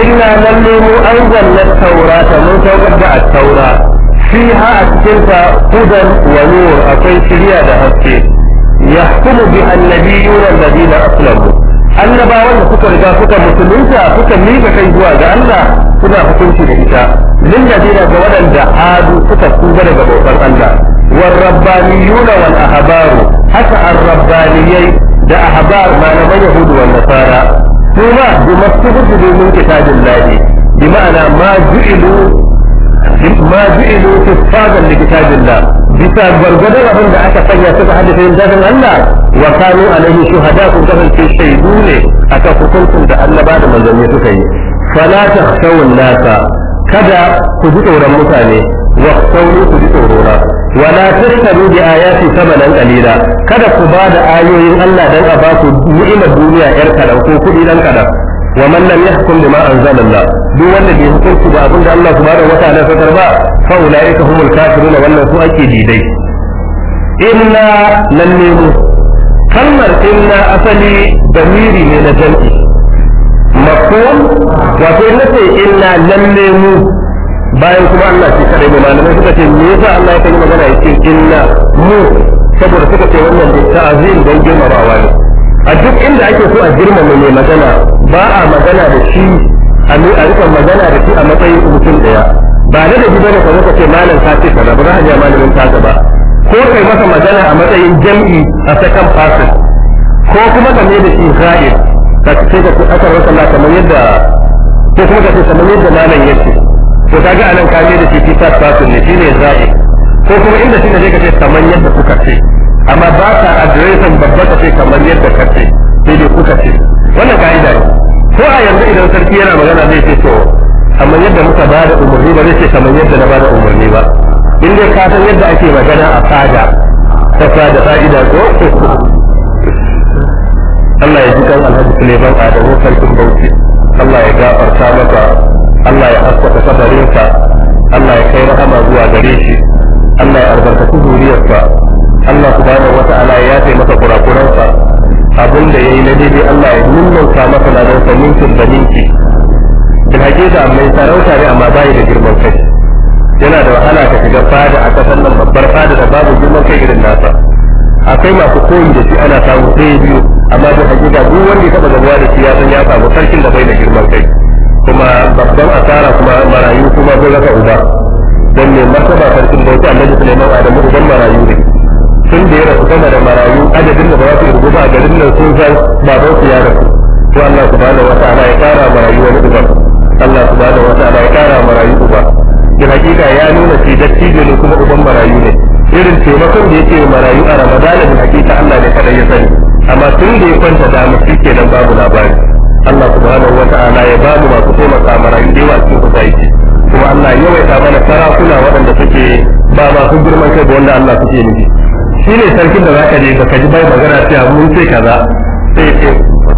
Speaker 1: inna lalle mu an zanna taurata mun saukar da taura fiha a cikinta hudan wa akwai shirya da haske yahkumu bi annabiyun alladina aslamu annabawan da kuka riga kuka musulunta suka miƙa kai zuwa ga Allah suna hukunci da ita lil ladina ga waɗanda hadu suka tuba daga bautar Allah wal rabbaniyuna wal ahbaru haka an rabbaniyai da ahbar malaman yahudu wal nasara kuma bi maktubu domin kitabin lahi bi ma'ana ma ju'ilu ma ju'ilu tifadan li kitabillah ta gwargwadon abin da aka sanya suka haddace yin dafin Allah wa kanu alaihi shuhada kun kasance shaidu ne aka hukuncin da Allah ba da manzanni suka yi fala takhshawun nasa kada ku ji tsoron mutane واختوني تجتورنا ولا تشتروا بآياتي ثمنا قليلا kada ku ba da ayoyin Allah dan a ba ku ni'imar duniya yar kadan ko kuɗi dan kadan wa man lam yahkum bima anzalallah duk wanda bai hukunci da abin da Allah subhanahu wataala ba fa ulaika humul na wannan su ake didai inna lalle mu kalmar inna asali damiri ne na jam'i mafhum wato nace inna lalle mu bayan kuma Allah shi kadai ne malamai suka ce me yasa Allah ya kai magana yake inna mu saboda suka ce wannan da ta'zim don girmamawa ne a duk inda ake so a girmama mai magana ba a magana da shi a rika magana da shi a matsayin mutum daya ba da da bane ka zaka ce malam ka ce kaza ba za a ji malamin ka ba ko kai masa magana a matsayin jam'i a second person ko kuma ka ne da shi ghaib ka ce ka aka rasa kamar yadda ko kuma ka ce kamar yadda malam yake to kaga anan ka da shi fifat fasun ne shine zabi ko kuma inda shine zai ka kamar yadda kuka ce amma ba ka adiresin babba ka ce kamar yadda ka ce sai dai kuka ce wannan ka'ida ne ko a yanzu idan sarki yana magana zai ce to amma yadda muka ba da umarni ba zai ce kamar yadda na ba da umarni ba in dai ka san yadda ake magana a fada ta fada fa'ida ko Allah ya ji kan Alhaji Suleiman Adamu sarkin Bauchi Allah ya gafarta maka Allah ya haskaka kabarinsa Allah ya kai rahama zuwa gare shi Allah ya albarkaci zuriyarsa Allah subhanahu wata'ala ya yafe masa kurakuransa abin da yayi na daidai Allah ya nunnauta masa ladansa ninkin da ninki bil hakika mai sarauta ne amma bai da girman kai yana da wahala ka shiga fada a kasan nan babbar fada da babu girman kai irin nasa akwai masu koyi da shi ana samu ɗaya biyu amma da hakika duk wanda ya taɓa gabuwa da shi ya san ya samu sarkin da bai da girman kai kuma babban asara kuma marayu kuma sun rasa uba don ne martaba farkin da yake annabi Sulaiman Adamu uban marayu ne sun da ya rasu sama da marayu adadin da ba su irgu ba a garin nan sun ba baban su ya rasu to Allah subhanahu wataala ya kara marayu wani uba Allah subhanahu wataala ya kara marayu uba da hakika ya nuna shi dattijo ne kuma uban marayu ne irin taimakon da yake marayu a Ramadana da hakika Allah ne kada ya sani amma tun da ya kwanta da mutu kenan babu labari Allah subhanahu wata'ala ya ba mu masu taimaka marayu in yawa cikin society kuma Allah ya yawaita mana sarakuna waɗanda suke ba masu girman kai da wanda Allah suke nufi shi ne sarkin da zaka je ka ji bai magana cewa mun sai kaza sai ce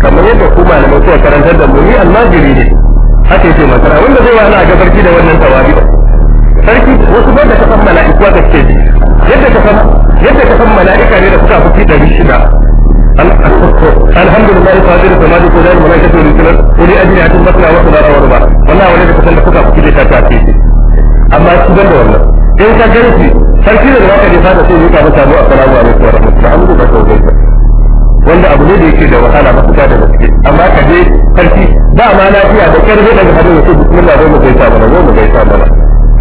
Speaker 1: kamar yadda ku malamai suka karantar da mu ni jiri ne haka yake masara wanda zai wani a gabarki da wannan tawabi sarki wasu bai da kasan mala'ikuwa da ke yadda ka san mala'ika ne da suka fi ɗari shida الحمد لله فاضل السماء وجاء الملائكة والرسل ولي أجل أتم بطنا وصدارا وربا والله وليس كسان بكتا فكي لك أتاكي أما a والله إن كان جنسي sarki da zaka je fada sai ka mata assalamu alaikum wa rahmatullahi amma ba ka gaisa wanda abu ne da yake da wahala ba kuka da gaske amma ka je sarki ba ma lafiya da kyar zai daga hannun sai bismillah zo mu gaisa mana zo mu gaisa mana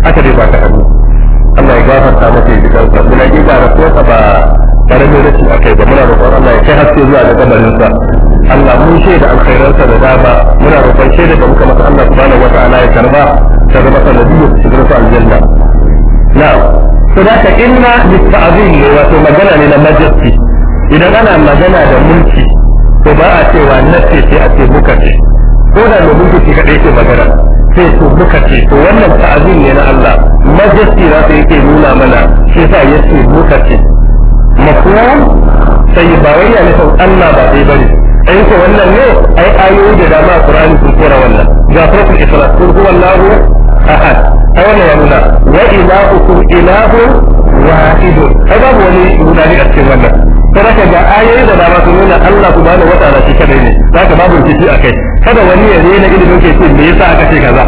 Speaker 1: haka dai ba ka hannu Allah ya gafarta masa ya ji kansa muna ji ga rasuwarsa ba karamin rashi a kai ba muna roƙon Allah ya kai haske zuwa ga kabarinsa Allah mun shaida alkhairansa da dama muna roƙon shaida da muka masa Allah subhanahu wa ta'ala ya karba ta zama sanadiyyar shigar su aljanna na'am to da ka inna lista'zin ne wato magana ne na majesty idan ana magana da mulki to ba a cewa nace sai a ce muka ce ko da mai mulki shi kadai ke magana sai to muka ce to wannan ta'zin ne na Allah majesty za ta yake nuna mana shi sa yace muka ce mafhum sai ba wai ya nufin Allah ba dai bane ai ko wannan ne ai ayoyi da dama a Qur'ani sun kora wannan ga farkon Isra kun huwa Allahu ahad ai wannan ya nuna wa ilahukum ilahun wahidun ai babu wani ne a cikin wannan ka ga ayoyi da dama sun nuna Allah subhanahu wataala shi kadai ne ka babu a akai kada wani ya na ilimin ke ce me yasa aka ce kaza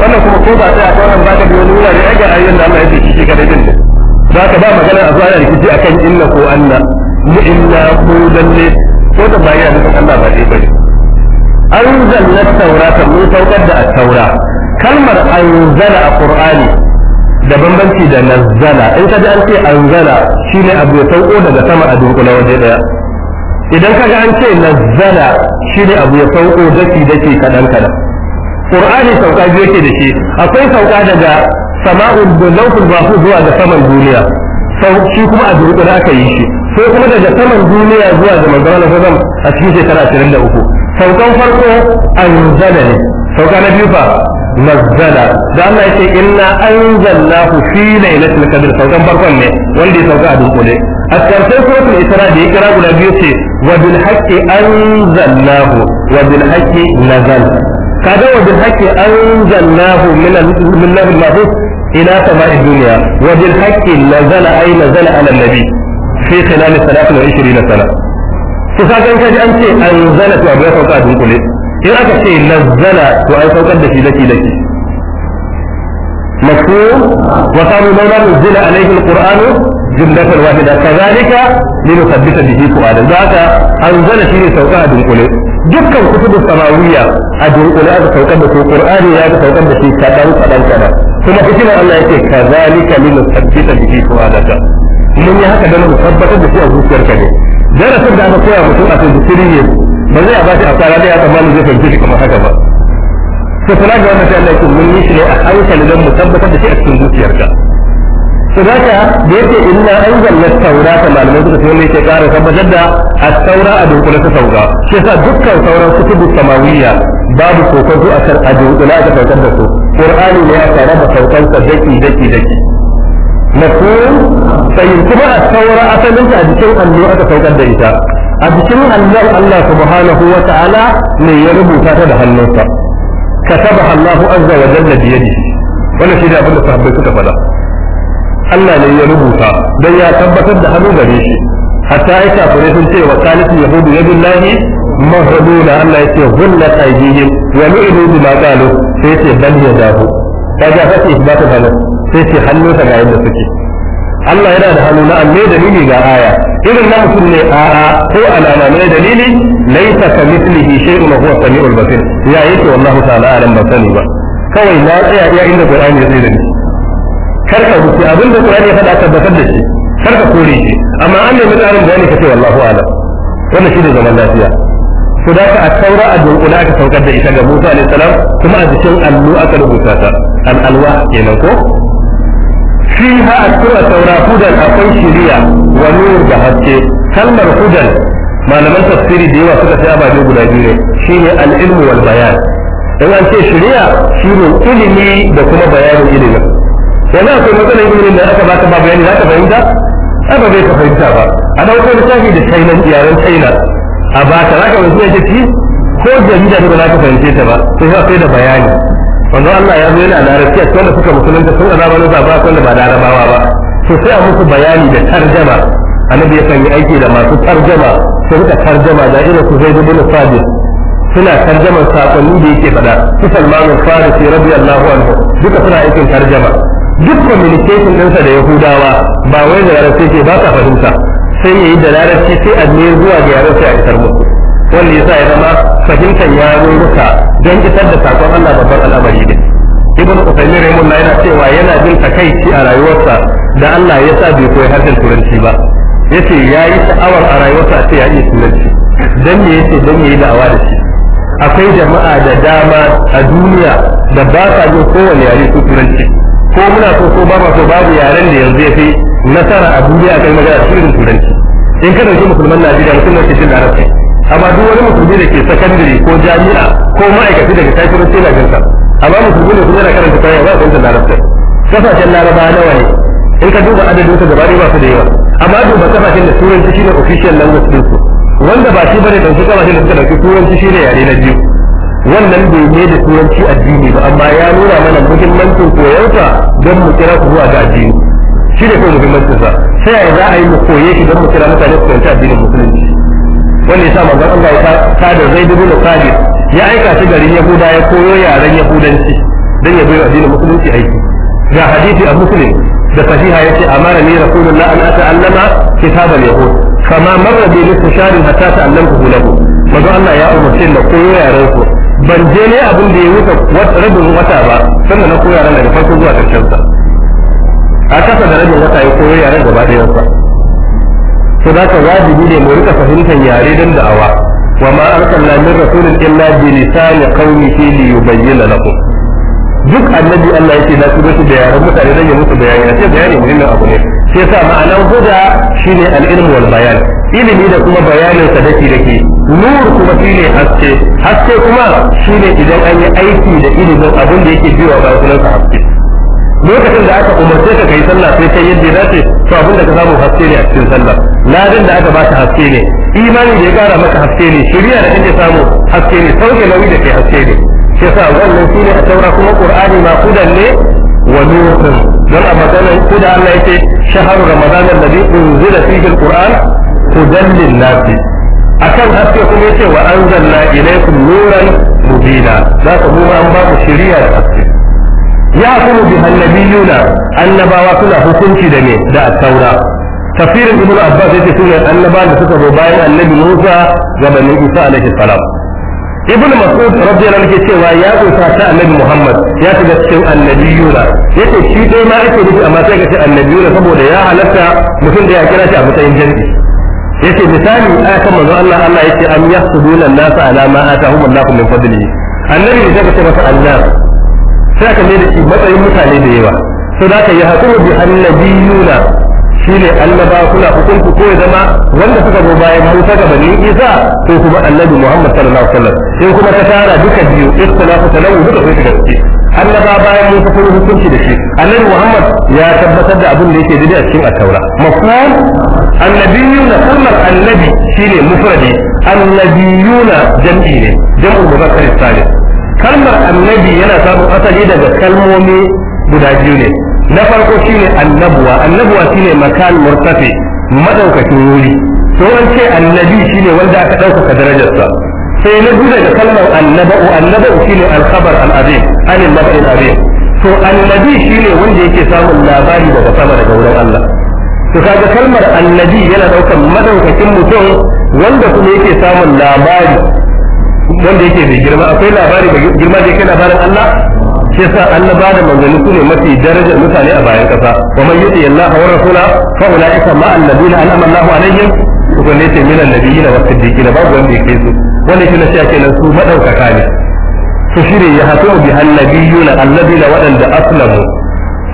Speaker 1: wannan kuma ko ba sai a kawai ba ka biyo nuna ne ai ga ayoyin da Allah ya ce shi kadai din ne za ka ba magana a zuwa rikici akan inna ko anna mu inna ko lalle ko da ba yana nufin Allah ba dai bane anzalna taurata mu saukar da taura kalmar anzala a qur'ani da bambanci da nazzala in ka ji an ce anzala shine abu ya sauko daga sama a dunkula waje daya idan ka ga an ce nazzala shine abu ya sauko daki daki kadan kadan qur'ani sauka biyu yake da shi akwai sauka daga sama'un da ba ku zuwa ga saman duniya sau shi kuma a dubu da aka yi shi sai kuma daga saman duniya zuwa ga manzon Allah sallam a cikin shekara ashirin da uku saukan farko anzala ne sauka na biyu fa nazzala da Allah yake inna anzalnahu fi lailatul qadr saukan farkon ne wanda ya sauka a ne a karshen suratul isra da ya kira guda biyu ce wa bil haqqi anzalnahu wa bil haqqi nazal kaga wa bil haqqi anzalnahu min min lahul mahfuz إلى سماء الدنيا وبالحق نزل أي نزل على النبي في خلال 23 سنة فساكن كاجي أنت أنزلت أبو يسوق أدن كله إن أكا شيء نزل وأي سوق أدن لكي لكي مفهوم وقالوا لولا نزل عليه القرآن جملة واحدة كذلك لنثبت به فؤادا ذاك أنزل شيء سوق أدن كله dukkan kutubu samawiya a dunkule aka saukar da su qur'ani ya aka saukar da shi kadan kadan kadan kuma hikimar Allah yake kazalika linusabbita ko fuadaka mun yi haka dan mu da shi a ka ne darasin da aka koya mutum a cikin zikiri ne ba zai a a tsara dai a tsammanin zai fahimci shi kamar haka ba to kula ga wannan sai Allah yake mun yi shi ne a hankali don mu tabbata da shi a cikin zuciyarka to da haka da yake inna anzalna ta malamai suka sai mai ke kara tabbatar da at-taura a dunkule ta saura shi yasa dukkan sauran kutubu samawiyya babu kokon akan a dunkule aka tabbatar da su qur'ani ne aka raba sa daki daki daki mafhum sai kuma a saura asalin ta a jikin allo aka saukar da ita a jikin allon Allah subhanahu wa ta'ala ne ya rubuta ta da hannunsa katabaha Allahu azza wa jalla bi yadihi wannan shi da abin da sahabbai suka faɗa Allah ne ya rubuta don ya tabbatar da hannu gare shi hatta ya kafure sun ce wa kalitin yahudu yadullahi mahduna Allah yake ce bal yadahu kaga sai isbatu halu sai ce hannu da hannu na amma dalili ga aya irin na mutum ne a a ko alama kawai na tsaya iya inda Qur'ani ya tsaya ni kar ka Qur'ani ya faɗa tabbatar da shi karka kore shi amma an nemi tsarin bayani kace wallahu alam wannan shi ne zaman lafiya su da a taura a dunkula aka saukar da ita ga Musa alaihi salam kuma a jikin allo aka rubuta ta al alwa kenan ko fiha a taura hudan akwai shiriya wa nur da haske kalmar hudan malaman tafsiri da yawa suka sai ababe guda biyu ne shine al ilmu wal bayan in an ce shiriya shine ilimi da kuma bayanin ilimin yanzu akwai matsalar ilimin da aka baka ba bayani za ka fahimta ai ba zai ka fahimta ba a dauko littafi da china yaren china a ba ta zaka wasu yake ci ko jarida da ba za ka fahimce ta ba sai ka sai da bayani wanda Allah ya zo yana larabci a cikin da suka musulunta sun azaba ne ba sun da ba larabawa ba to sai a musu bayani da tarjama annabi ya sanya aiki da masu tarjama su rika tarjama da irin su zai dubu sabit suna tarjamar sakonni da yake faɗa su salmanin farisi rabbi anhu duka suna aikin tarjama duk communication ɗinsa da yahudawa ba wai da yarasa ke ba sa fahimta sai yayi da larabci sai a ne zuwa ga yaran sai a isar musu wanda yasa ya zama fahimtar yaro ruka don isar da sakon Allah babban al'amari ne ibn Uthaymeen rahimahullah yana cewa yana jin takaici a rayuwarsa da Allah ya sa bai koyi harshen turanci ba yace yayi sha'awar a rayuwarsa sai ya iya turanci dan me yace dan yayi da'awa da shi akwai jama'a da dama a duniya da ba sa jin kowane yare su turanci ko muna so ko ba ma so babu yaren da yanzu ya fi nasara a duniya akan magana su irin turanci in ka dauki musulman Najeriya mutum da ke cin larabci amma duk wani musulmi da ke sakandare ko jami'a ko ma'aikaci daga taifin sai na amma musulmi ne kuma yana karanta kayan za a kanta larabci kasashen laraba nawa ne in ka duba adadin su gaba ba su da yawa amma duba kasashen da turanci shine official language din su wanda ba shi bane da su kasashen da suka dauki turanci shine yare na biyu wannan bai ne da turanci addini ba amma ya nuna mana muhimmancin koyarsa don mu kira su zuwa ga addini shi ne kawai muhimmancin sa sai ya za a yi mu koye shi don mu kira mutane su fahimci addinin musulunci wanda ya sa manzon Allah ya ta da dubu da ya aika shi garin yahuda ya koyo yaren yahudanci don ya bayar addinin musulunci aiki ga hadisi a muslim da sahiha ce amara ni rasulullah an ata'allama kitab al-yahud kama marra bi istishari hatta ta'allamtu lahu manzo Allah ya umarce da koyo yaren ku ban je ne abin da ya wuce rabin wata ba sannan na koya ran daga farko zuwa karshen sa a kasa da rabin wata ya koyo yaren gaba ɗaya sa to da ka wajibi ne mu rika fahimtar yare don da'awa wa ma arsalna min rasulin illa bi lisani qaumihi li yubayyana lakum duk annabi Allah yake na su da yaren mutane dan ya musu bayani a ce bayani muhimmin abu ne sai sa ma'anar huda shine al-ilm wal bayan ilimi da kuma bayanin sa dake dake nur kuma shine haske haske kuma shine idan an yi aiki da ilimin abin da yake biyo bayan sunan sa haske lokacin da aka umarce ka kai sallah sai kai yadda ya dace to abin da ka samu haske ne a cikin sallah ladan da aka baka haske ne imani da ya kara maka haske ne shiriya da kake samu haske ne sauke nauyi da kai haske ne shi yasa wannan ne a taura kuma qur'ani ma kudan ne wa nurun dan a maganar kuda Allah yake shahru ramadan alladhi unzila fihi alquran hudan lin-nas akan haske kuma yace wa anzalna ilaykum nuran mubina zaka mu an ba ku shirya da haske ya kuma bi annabiyuna annabawa suna hukunci da me da saura tafsirin ibn abbas yake suna annabawa da suka zo bayan annabi musa ga bani isa alaihi salam ibn mas'ud radiyallahu anhu cewa ya tsofa ta annabi muhammad ya shiga cikin annabiyuna yake shi dai ma ake nufi amma sai ka annabi annabiyuna saboda ya halatta mutum da ya kira shi a matsayin jami'i yace misali ayatan manzo Allah Allah yace an yahsuduna an-nasa ala ma ta Allah min fadlihi annabi ne ka ce masa annas sai aka mai da shi matsayin mutane da yawa sai za ka yi haƙuru bi annabiyuna shi ne annaba kuna hukunku ko ya zama wanda suka zo bayan musa ga bani isa to kuma annabi muhammad sallallahu alaihi wasallam in kuma ka tara duka biyu ikhtilafu talawu duka sai ka gaske annaba bayan musa kun hukunci da shi annabi muhammad ya tabbatar da abin da yake daidai a cikin at-taura mafhum annabiyuna kullu annabi shine mufradi annabiyuna jam'i ne jam'u muzakkar salim kalmar annabi yana samun asali daga kalmomi guda biyu ne na farko shine annabuwa annabuwa shine makan murtafi madaukakin wuri to an ce annabi shine wanda aka ɗaukaka darajarsa sai na bude da kalmar annaba'u annaba'u shine alkhabar al'azim anil naba'il azim to annabi shine wanda yake samun labari daga sama daga wurin Allah to kaga kalmar annabi yana ɗaukar madaukakin mutum wanda kuma yake samun labari wanda yake mai girma akwai labari mai girma da yake labarin Allah shi yasa annaba da manzanni sune mafi darajar mutane a bayan kasa wa man yuti Allah wa rasula fa ulaika ma annabiyina an'ama Allah alaihim su ne ce min annabiyina wa siddiqina babu wanda yake su wanda shi na shi ake nan su madaukaka ne su shine ya hato bi annabiyuna allazina wadanda aslamu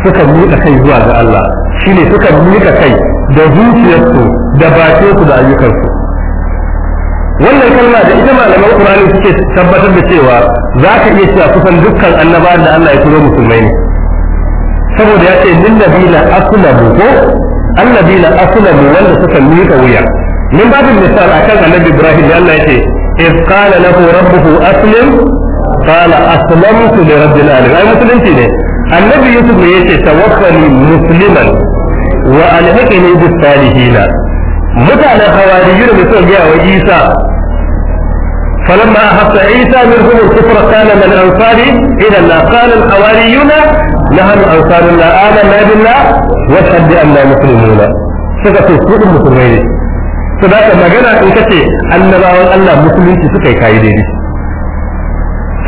Speaker 1: suka miƙa kai zuwa ga Allah shine suka miƙa kai da zuciyarsu da bakinsu da ayyukansu wannan kalma da ita malaman Qur'ani suke tabbatar da cewa za ka iya cewa kusan dukkan annabawan da Allah ya turo musulmai ne saboda ya ce lillabina aslamu ko allabina aslamu wanda suka mika wuya min babin misal akan annabi Ibrahim da Allah ya ce إذ قال له ربه أسلم قال أسلمت لرب العالمين أي musulunci ne annabi yusuf ne yace tawaffani musliman wa alhaqini bis salihina mutanen hawariyu da mutum gaya wa isa فلما أحس عيسى منهم الكفر قال من أنصاري إلى الله قال الحواريون نحن أنصار الله آمنا بالله واشهد بأننا مسلمون suka ce su ɗin musulmai ne su da magana in ce annabawan Allah musulunci suka yi kayi daidai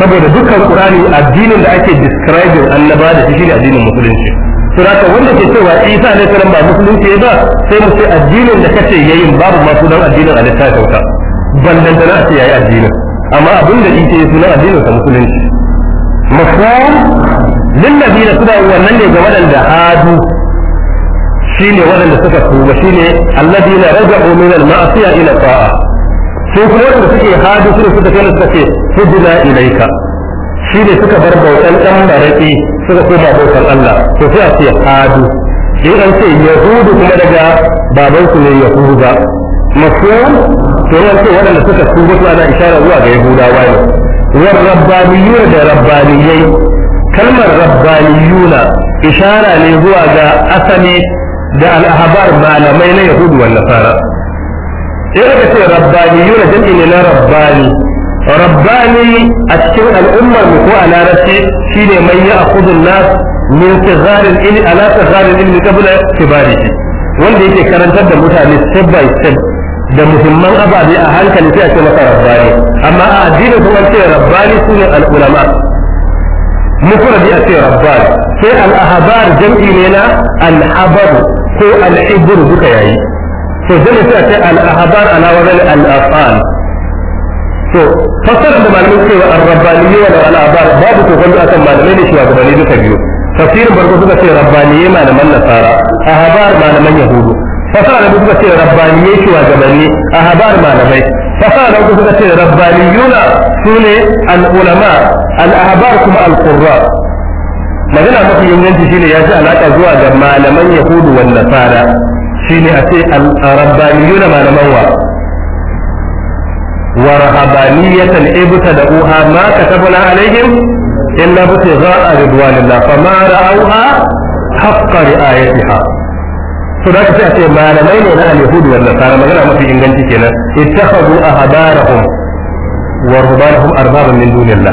Speaker 1: saboda dukkan ƙurani addinin da ake describing annaba da shi ne addinin musulunci suraka wanda ke cewa isa ne salam ba musulunci ba sai mu ce addinin da kace yayin babu ma sunan addinin a littafin ka ballan da ce yayi addinin amma abin da yake sunan addinin ka musulunci mafhum lillazina suna wannan ne ga wadanda hadu shine wadanda suka tuba shine alladina raja'u min al-ma'siyah ila ta'a sai kuma wanda suke hadu suka suka kai suka ce hudna ilaika shine suka bar bautan dan baraki suka ba bautar Allah to sai a ce hadu in an ce yahudu kuma daga baban su ne yahuda mafiyar to an ce waɗanda suka tuba su ana isharar zuwa ga yahuda Wani war rabbaniyuna da rabbaniyai kalmar rabbaniyuna ishara ne zuwa ga asali da al'ahabar malamai na yahudu wannan nasara Sai aka ce rabbaniyuna jami'i ne na rabbani rabbani a cikin al'ummar mu ko a larabci shine man ya'khudhu an-nas min sigharil ilmi ala sigharil ilmi qabla kibarihi wanda yake karantar da mutane step by step da muhimman ababe a hankali sai a ce masa rabbani amma a addinin kuma ce rabbani sune al-ulama mufradi a ce rabbani sai al-ahbar jam'i ne na al-habar ko al-ibr duka yayi to dole sai a ce al-ahbar ala wazan al-afal to fasarar da malamai cewa ar-rabbaniyya wal al'abar babu to gwamnati akan malamai da shugabanni duka biyu tafsirin barko suka ce rabbaniyya malaman nasara habar malaman yahudu fasara da suka ce rabbaniyya a habar malamai fasara da suka ce rabbaniyuna sune al-ulama al kuma al-qurra magana mafi inganci shine ya ji alaka zuwa ga malaman yahudu wal nasara shine a ce al-rabbaniyuna malaman wa ورهبانية ابتدأوها ما كتبنا عليهم إلا ابتغاء رضوان الله فما رأوها حق رعايتها فذاك سأتي ما لمين أنا اليهود والنصارى ما غير ما في إنجلتي كنا اتخذوا أهدارهم ورهبانهم أربابا من دون الله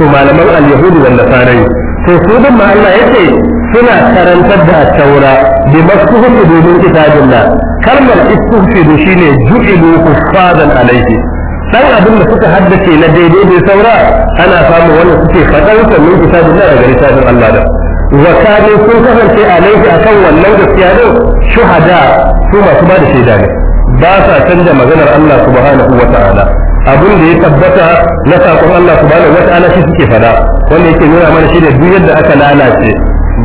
Speaker 1: ثم لمين اليهود والنصارى فسودا ما الله يتي suna karantar da بمسكه في دون كتاب الله nan kalmar في shine جعلوا hufazan عليه san abin da suka haddace na daidai da saura ana samu wanda suke fadar sa min gari daga littafin Allah da wa kane sun kasance laifi akan wannan gaskiya din shuhada su masu ba da shaida ne ba sa canza maganar Allah subhanahu wa ta'ala abin da ya tabbata na sakon Allah subhanahu wa ta'ala shi suke fada wanda yake nuna mana shi da duk yadda aka lalace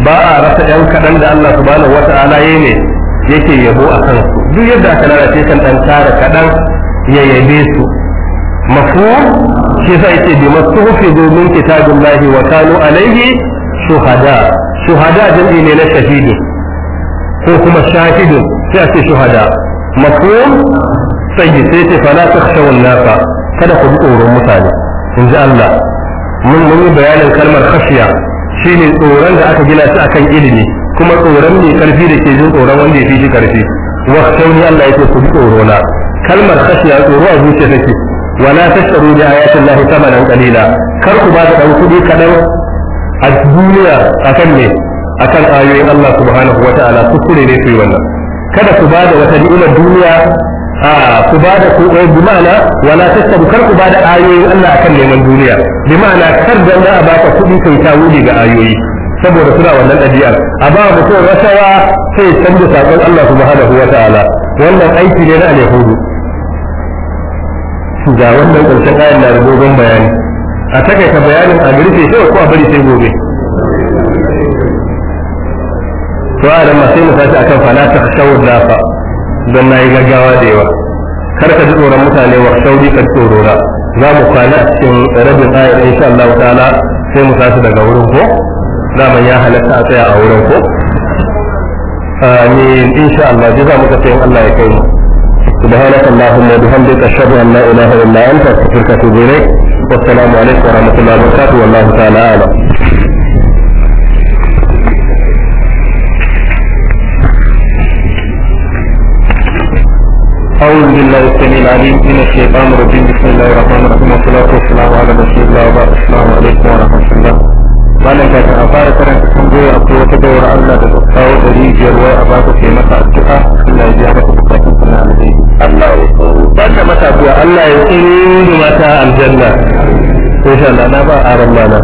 Speaker 1: ba a rasa ɗan kaɗan da Allah subhanahu wa ta'ala ya ne yake yabo a kansu duk yadda aka lalace kan ɗan tara kaɗan ya yabe su مفهوم shi yasa yace bi mastuhfizu min kitabillahi wa kanu alayhi shuhada shuhada jam'i ne na shahidu ko kuma shahidu sai a ce shuhada mafhum sayyid sai ce fala nasa kada ku ji tsoron mutane in ji Allah mun mun bayanin kalmar khashiya shine tsoron da aka gina shi akan ilimi kuma tsoron ne karfi da ke jin tsoron wanda ya shi karfi wa khashawni Allah yake ku bi tsoro na kalmar khashiya tsoro a zuciya take wala tashtaru bi ayati llahi thamanan qalila kar ku ba da dan kudi kadan a duniya akan ne akan ayoyin Allah subhanahu wataala kuskure ne su wannan kada ku ba da wata ni'imar duniya ku ba da ku ɗaya bi ma'ana wala tattabu kar ku ba da Allah neman duniya bi kar da a baka kuɗi kai ta ga ayoyi saboda suna wannan ɗabi'ar a ba mutum rasawa sai canza saƙon Allah subhanahu wa ta'ala wannan aiki ne na alhudu ga wannan ƙarshen ayan na rubobin bayani a takaita bayanin a girke shi ko a bari sai gobe to a da masu mu tashi akan fala ta shawo dafa don na yi gaggawa da yawa kar ka ji tsoron mutane wa shaudi ka tsorora za mu kwana a cikin rabin ayar insha Allah ta'ala sai mu tashi daga wurin ko daman ya halatta a tsaya a wurin ko amin insha Allah ji za mu tafi Allah ya kai mu سبحانك اللهم وبحمدك أشهد أن لا إله إلا أنت أستغفرك وأتوب إليك والسلام عليكم ورحمة الله وبركاته والله تعالى أعلم أعوذ بالله السميع العليم من الشيطان الرجيم بسم الله الرحمن الرحيم والصلاة والسلام على رسول الله وبارك السلام عليكم ورحمة الله malam ka ta fara karanta tambayoyi akwai wata dawar Allah da kawo ɗari biyar wai a baka kai masa addu'a Allah ya biya maka bukatun kana alheri Allah ya banda mata kuwa Allah ya tsiri mata aljanna sha Allah na ba aran mana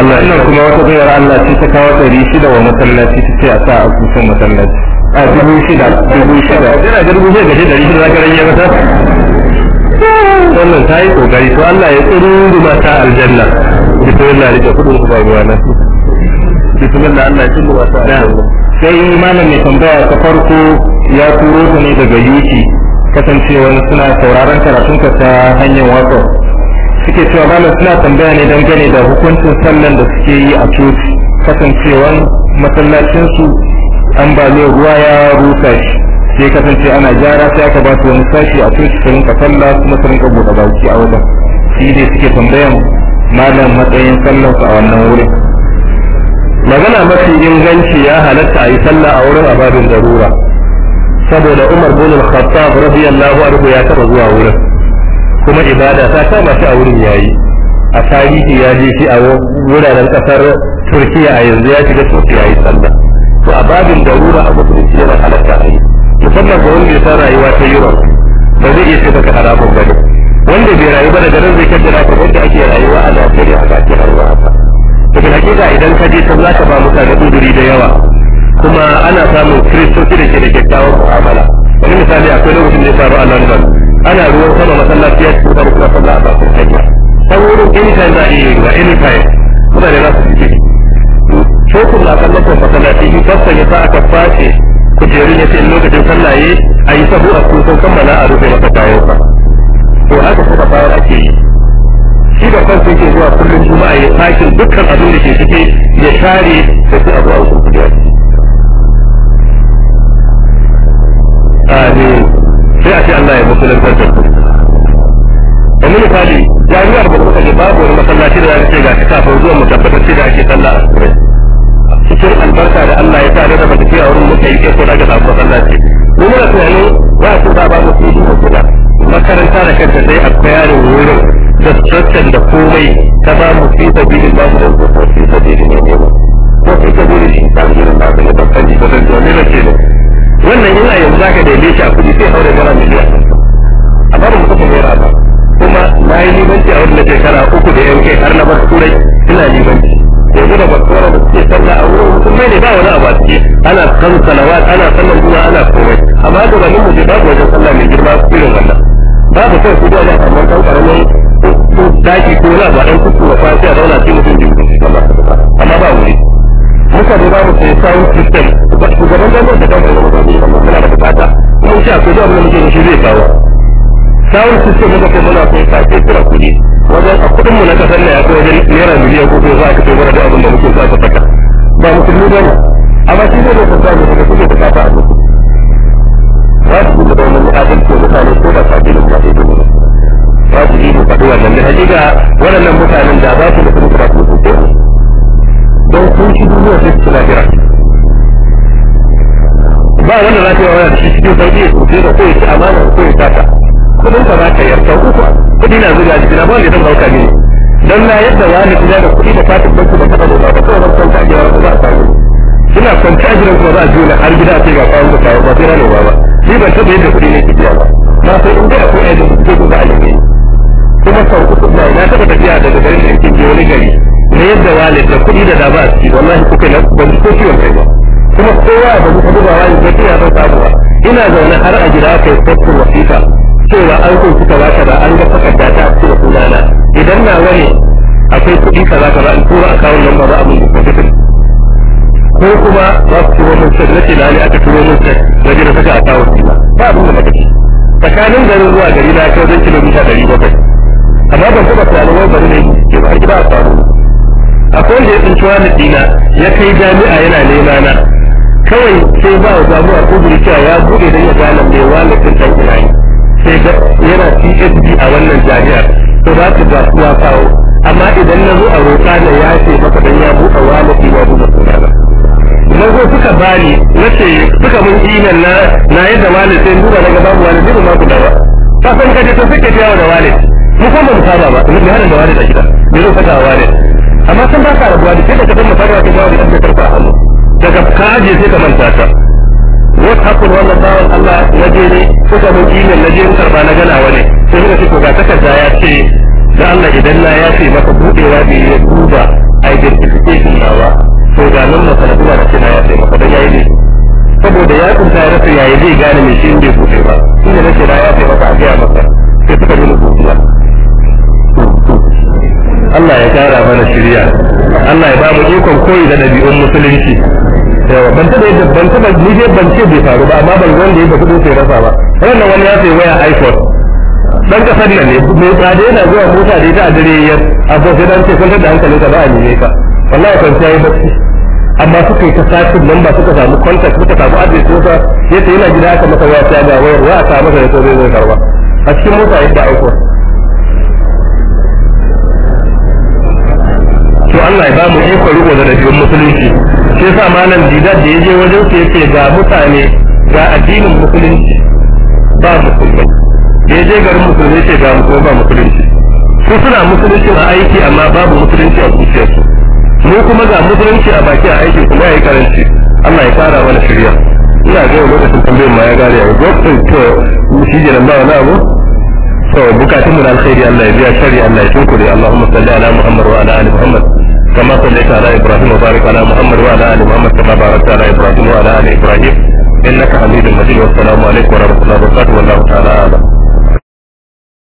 Speaker 1: Allah ina kuma wata bayar Allah ce ta kawo ɗari shida wa masallaci ta ce a sa a kusan masallaci a dubu shida dubu shida yana ga dubu shida gaje ɗari shida za ka rage mata wannan ta yi ƙoƙari to Allah ya tsiri mata aljanna bismillah rike kudin ku ba ruwa na bismillah Allah kin wa ta sai malam mai tambaya ta farko ya turo ta ne daga yuki kasancewar suna sauraron karatun ka ta hanyar wato suke cewa malam suna tambaya ne dangane da hukuncin sallan da suke yi a coci kasancewar masallacinsu ambaliyar ruwa ya rusa shi sai kasance ana gyara sai aka ba su wani sashi a coci su rinka sallah kuma su rinka buɗe baki a wajen shi ne suke tambayan malam matsayin sallarsa a wannan wurin magana mafi inganci ya halatta a yi sallah a wurin ababin darura saboda umar bin al-khattab radiyallahu anhu ya taba zuwa wurin kuma ibada ta kama shi a wurin yayi a tarihi ya je shi a wuraren kasar turkiya a yanzu ya shiga turkiya a yi sallah to a babin darura a musulunci yana halatta a yi musamman ga wanda ya sa rayuwa ta yi ba zai iya ce ka haramun ba wanda bai rayu ba daga nan zai kaddara ka wanda ake rayuwa a ya a bakin rayuwa ba daga hakika idan ka je za zaka ba mutane uduri da yawa kuma ana samun kristoci da ke da kyakkyawan mu'amala wani misali akwai lokacin da ya faru a London ana ruwan sama masallaci ya ci kuma kuma sallah a bakin hanya ta wurin anytime za a iya yin da anytime mutane za su fice shokun na kan nufin masallaci in kasan ya sa aka face kujerun ya ce lokacin sallaye a yi sabu a sun kammala a rufe masa kayan sa to haka suka fara ake yi shi da kansa yake zuwa kullum juma'a ya fakin dukkan abin da ke ciki ya share da su abu a kurkudu a ne. amin sai a ce Allah ya musulantar da ku kamar misali jami'ar ba kuka babu wani masallaci da zaka ce ga ka kafin zuwa mu tabbatar sai da ake sallah a kurai cikin albarka da Allah ya sa da zama a wurin mutane ke ko daga sabon masallaci mu muna tunanin za a ce za a ba mu fili mu kula makaranta da kanta sai a yaron wurin da structure da komai ta ba mu fi sabilin ba mu da ko fi sabilin ne ne ba ko fi sabilin shi ta gidan ba ne ba kan da da ne da ke wannan a yanzu zaka daile shi a kudi sai haure gara miliyan a mu kafa ne ba kuma na yi libanci a wannan shekara uku da yanke har na bar turai ina libanci yanzu da bakwara da suke sallah a wurin mutum ne ba wani abu a ciki ana kan salawat ana sallan juma ana amma da wani mu da wajen sallah mai girma irin wannan babu kai su dole amma kan karamin daki ko na ba dan kuku wa fasiya zauna sai mutum ji shi amma ba wuri mutane ba mu sai sound system shugaban jami'ar da kansa zama zama zama muna da bukata mun sha ko duk abin da shi zai kawo sound system da kuma muna sai sake kira kuɗi wajen a kuɗin mu na kasar na ya kai wajen naira miliyan ko za ka kai mana da abin da muke za ka saka ba musulmi ba ne amma shi ne da kasa da suke bukata a mutum wajibi ne domin adalci mutane ko da da ba dinin ba daidai ne wajibi ne faɗi wannan da hakika waɗannan mutanen da ba su da kuma ba su hutu
Speaker 2: don sun shi duniya sai su lahira
Speaker 1: ba wanda za ta yi wani shi cikin sauƙi ya kuce da ko ya ci amana ko ya sata kudin ka za ka yarda uku kudi na zuga jikina ba wanda ya zama hauka ne don na yadda wani gida da kuɗi da fatin banki da kaɗa da ba ta kawai ban kwanta a gida ba za a samu suna kwanci a gidan kuma za a juya har gida a ce ga kawo da kawo ba sai ranar ba ba ni ban yi da kuɗi ne ke biya ba na san in dai akwai da kuɗi ko ba alimi kuma sau uku na na taɓa tafiya daga garin da yake biyo wani gari na yadda walid da kuɗi da dama a ciki wallahi kuka na ban ko ciwon kai ba kuma kowa ba mu duba wani ba ya ban samu ba ina zaune har a gida aka yi sabbin wasiƙa cewa an kun suka baka ba an ga takarda ta a cikin sunana idan na wani akwai kuɗi kaza kaza in tura akawun nan ba za a mun da ko kuma za su turo mun sai nake da aka turo mun sai na je na saka a tawo ba. ba abin da na kace tsakanin garin zuwa gari na kai zan kilomita ɗari bakwai amma ban taɓa tunanin wai bari ne ke ba gida a faru akwai wanda ya tsinci wani dina ya kai jami'a yana nema na kawai sai ba wa jami'a kudiri cewa ya buɗe don ya gane mai wani ɗin ɗan ina sai ga yana PhD a wannan jami'ar to za ka ga ya kawo amma idan na zo a roƙa na ya ce maka dan ya buɗe zo suka bani nace suka mun email na na yadda walid sai duba daga babu walid ma ku dawa ta san kaje to suke tiyawa da walid mu kuma mu saba ba mu har da walid a gida me zo saka walid amma san ba ka rabuwa da kai da kadan masara ta jawo da karfa hannu daga kaje sai ka manta ta wata hakun wannan bawan Allah ya je ne suka mun email na je in karba na gana wani sai suka ce to ga takarda ya ce da Allah idan la ya ce maka budewa da ya duba identification nawa to ga nan masalatuwa da kina ya sai maka da yayi ne saboda ya kunta ya rasa yayi zai gane me shi bai bude ba inda nake da ya sai maka a gaya maka sai suka yi muku Allah ya kara mana shirya Allah ya ba mu ikon koyi da ɗabi'un musulunci yawa ban taba yadda ban taba ni dai ban ce bai faru ba amma ban ga wanda ya ba kudin sai rasa ba wannan wani ya sai waya iPhone dan kasar nan ne mai tsada yana zuwa mota da ita a dare ya abu sai dan ce kun da hankalinka ba a nime ka wallahi kan sai bacci amma suka yi ta sakin nan ba suka samu contact suka samu adres ta ya ce yana gida aka masa wata ga wayar wa a sa masa da sauran zai karba a cikin mota yadda aiko to Allah ya ba mu iko riko da dabi'un musulunci sai sa malam didar da ya je wajen su ya ce ga mutane ga addinin musulunci ba musulmai da ya je garin musulmai ce ga musulmai ba musulunci su suna musulunci a aiki amma babu musulunci a zuciyarsu mu kuma ga musulunci a baki a aikin kuma yayi karanci Allah ya kara mana shirya ina ga lokacin tambayar ma ya gare ya gobe to shi ne nan ba wani abu to bukatun mu da alkhairi Allah ya biya shari Allah ya tunkure Allahumma salli ala Muhammad wa ala ali Muhammad كما صليت على ابراهيم وبارك على محمد وعلى ال محمد كما باركت على ابراهيم وعلى ال ابراهيم انك حميد مجيد والسلام عليكم ورحمه الله وبركاته والله تعالى اعلم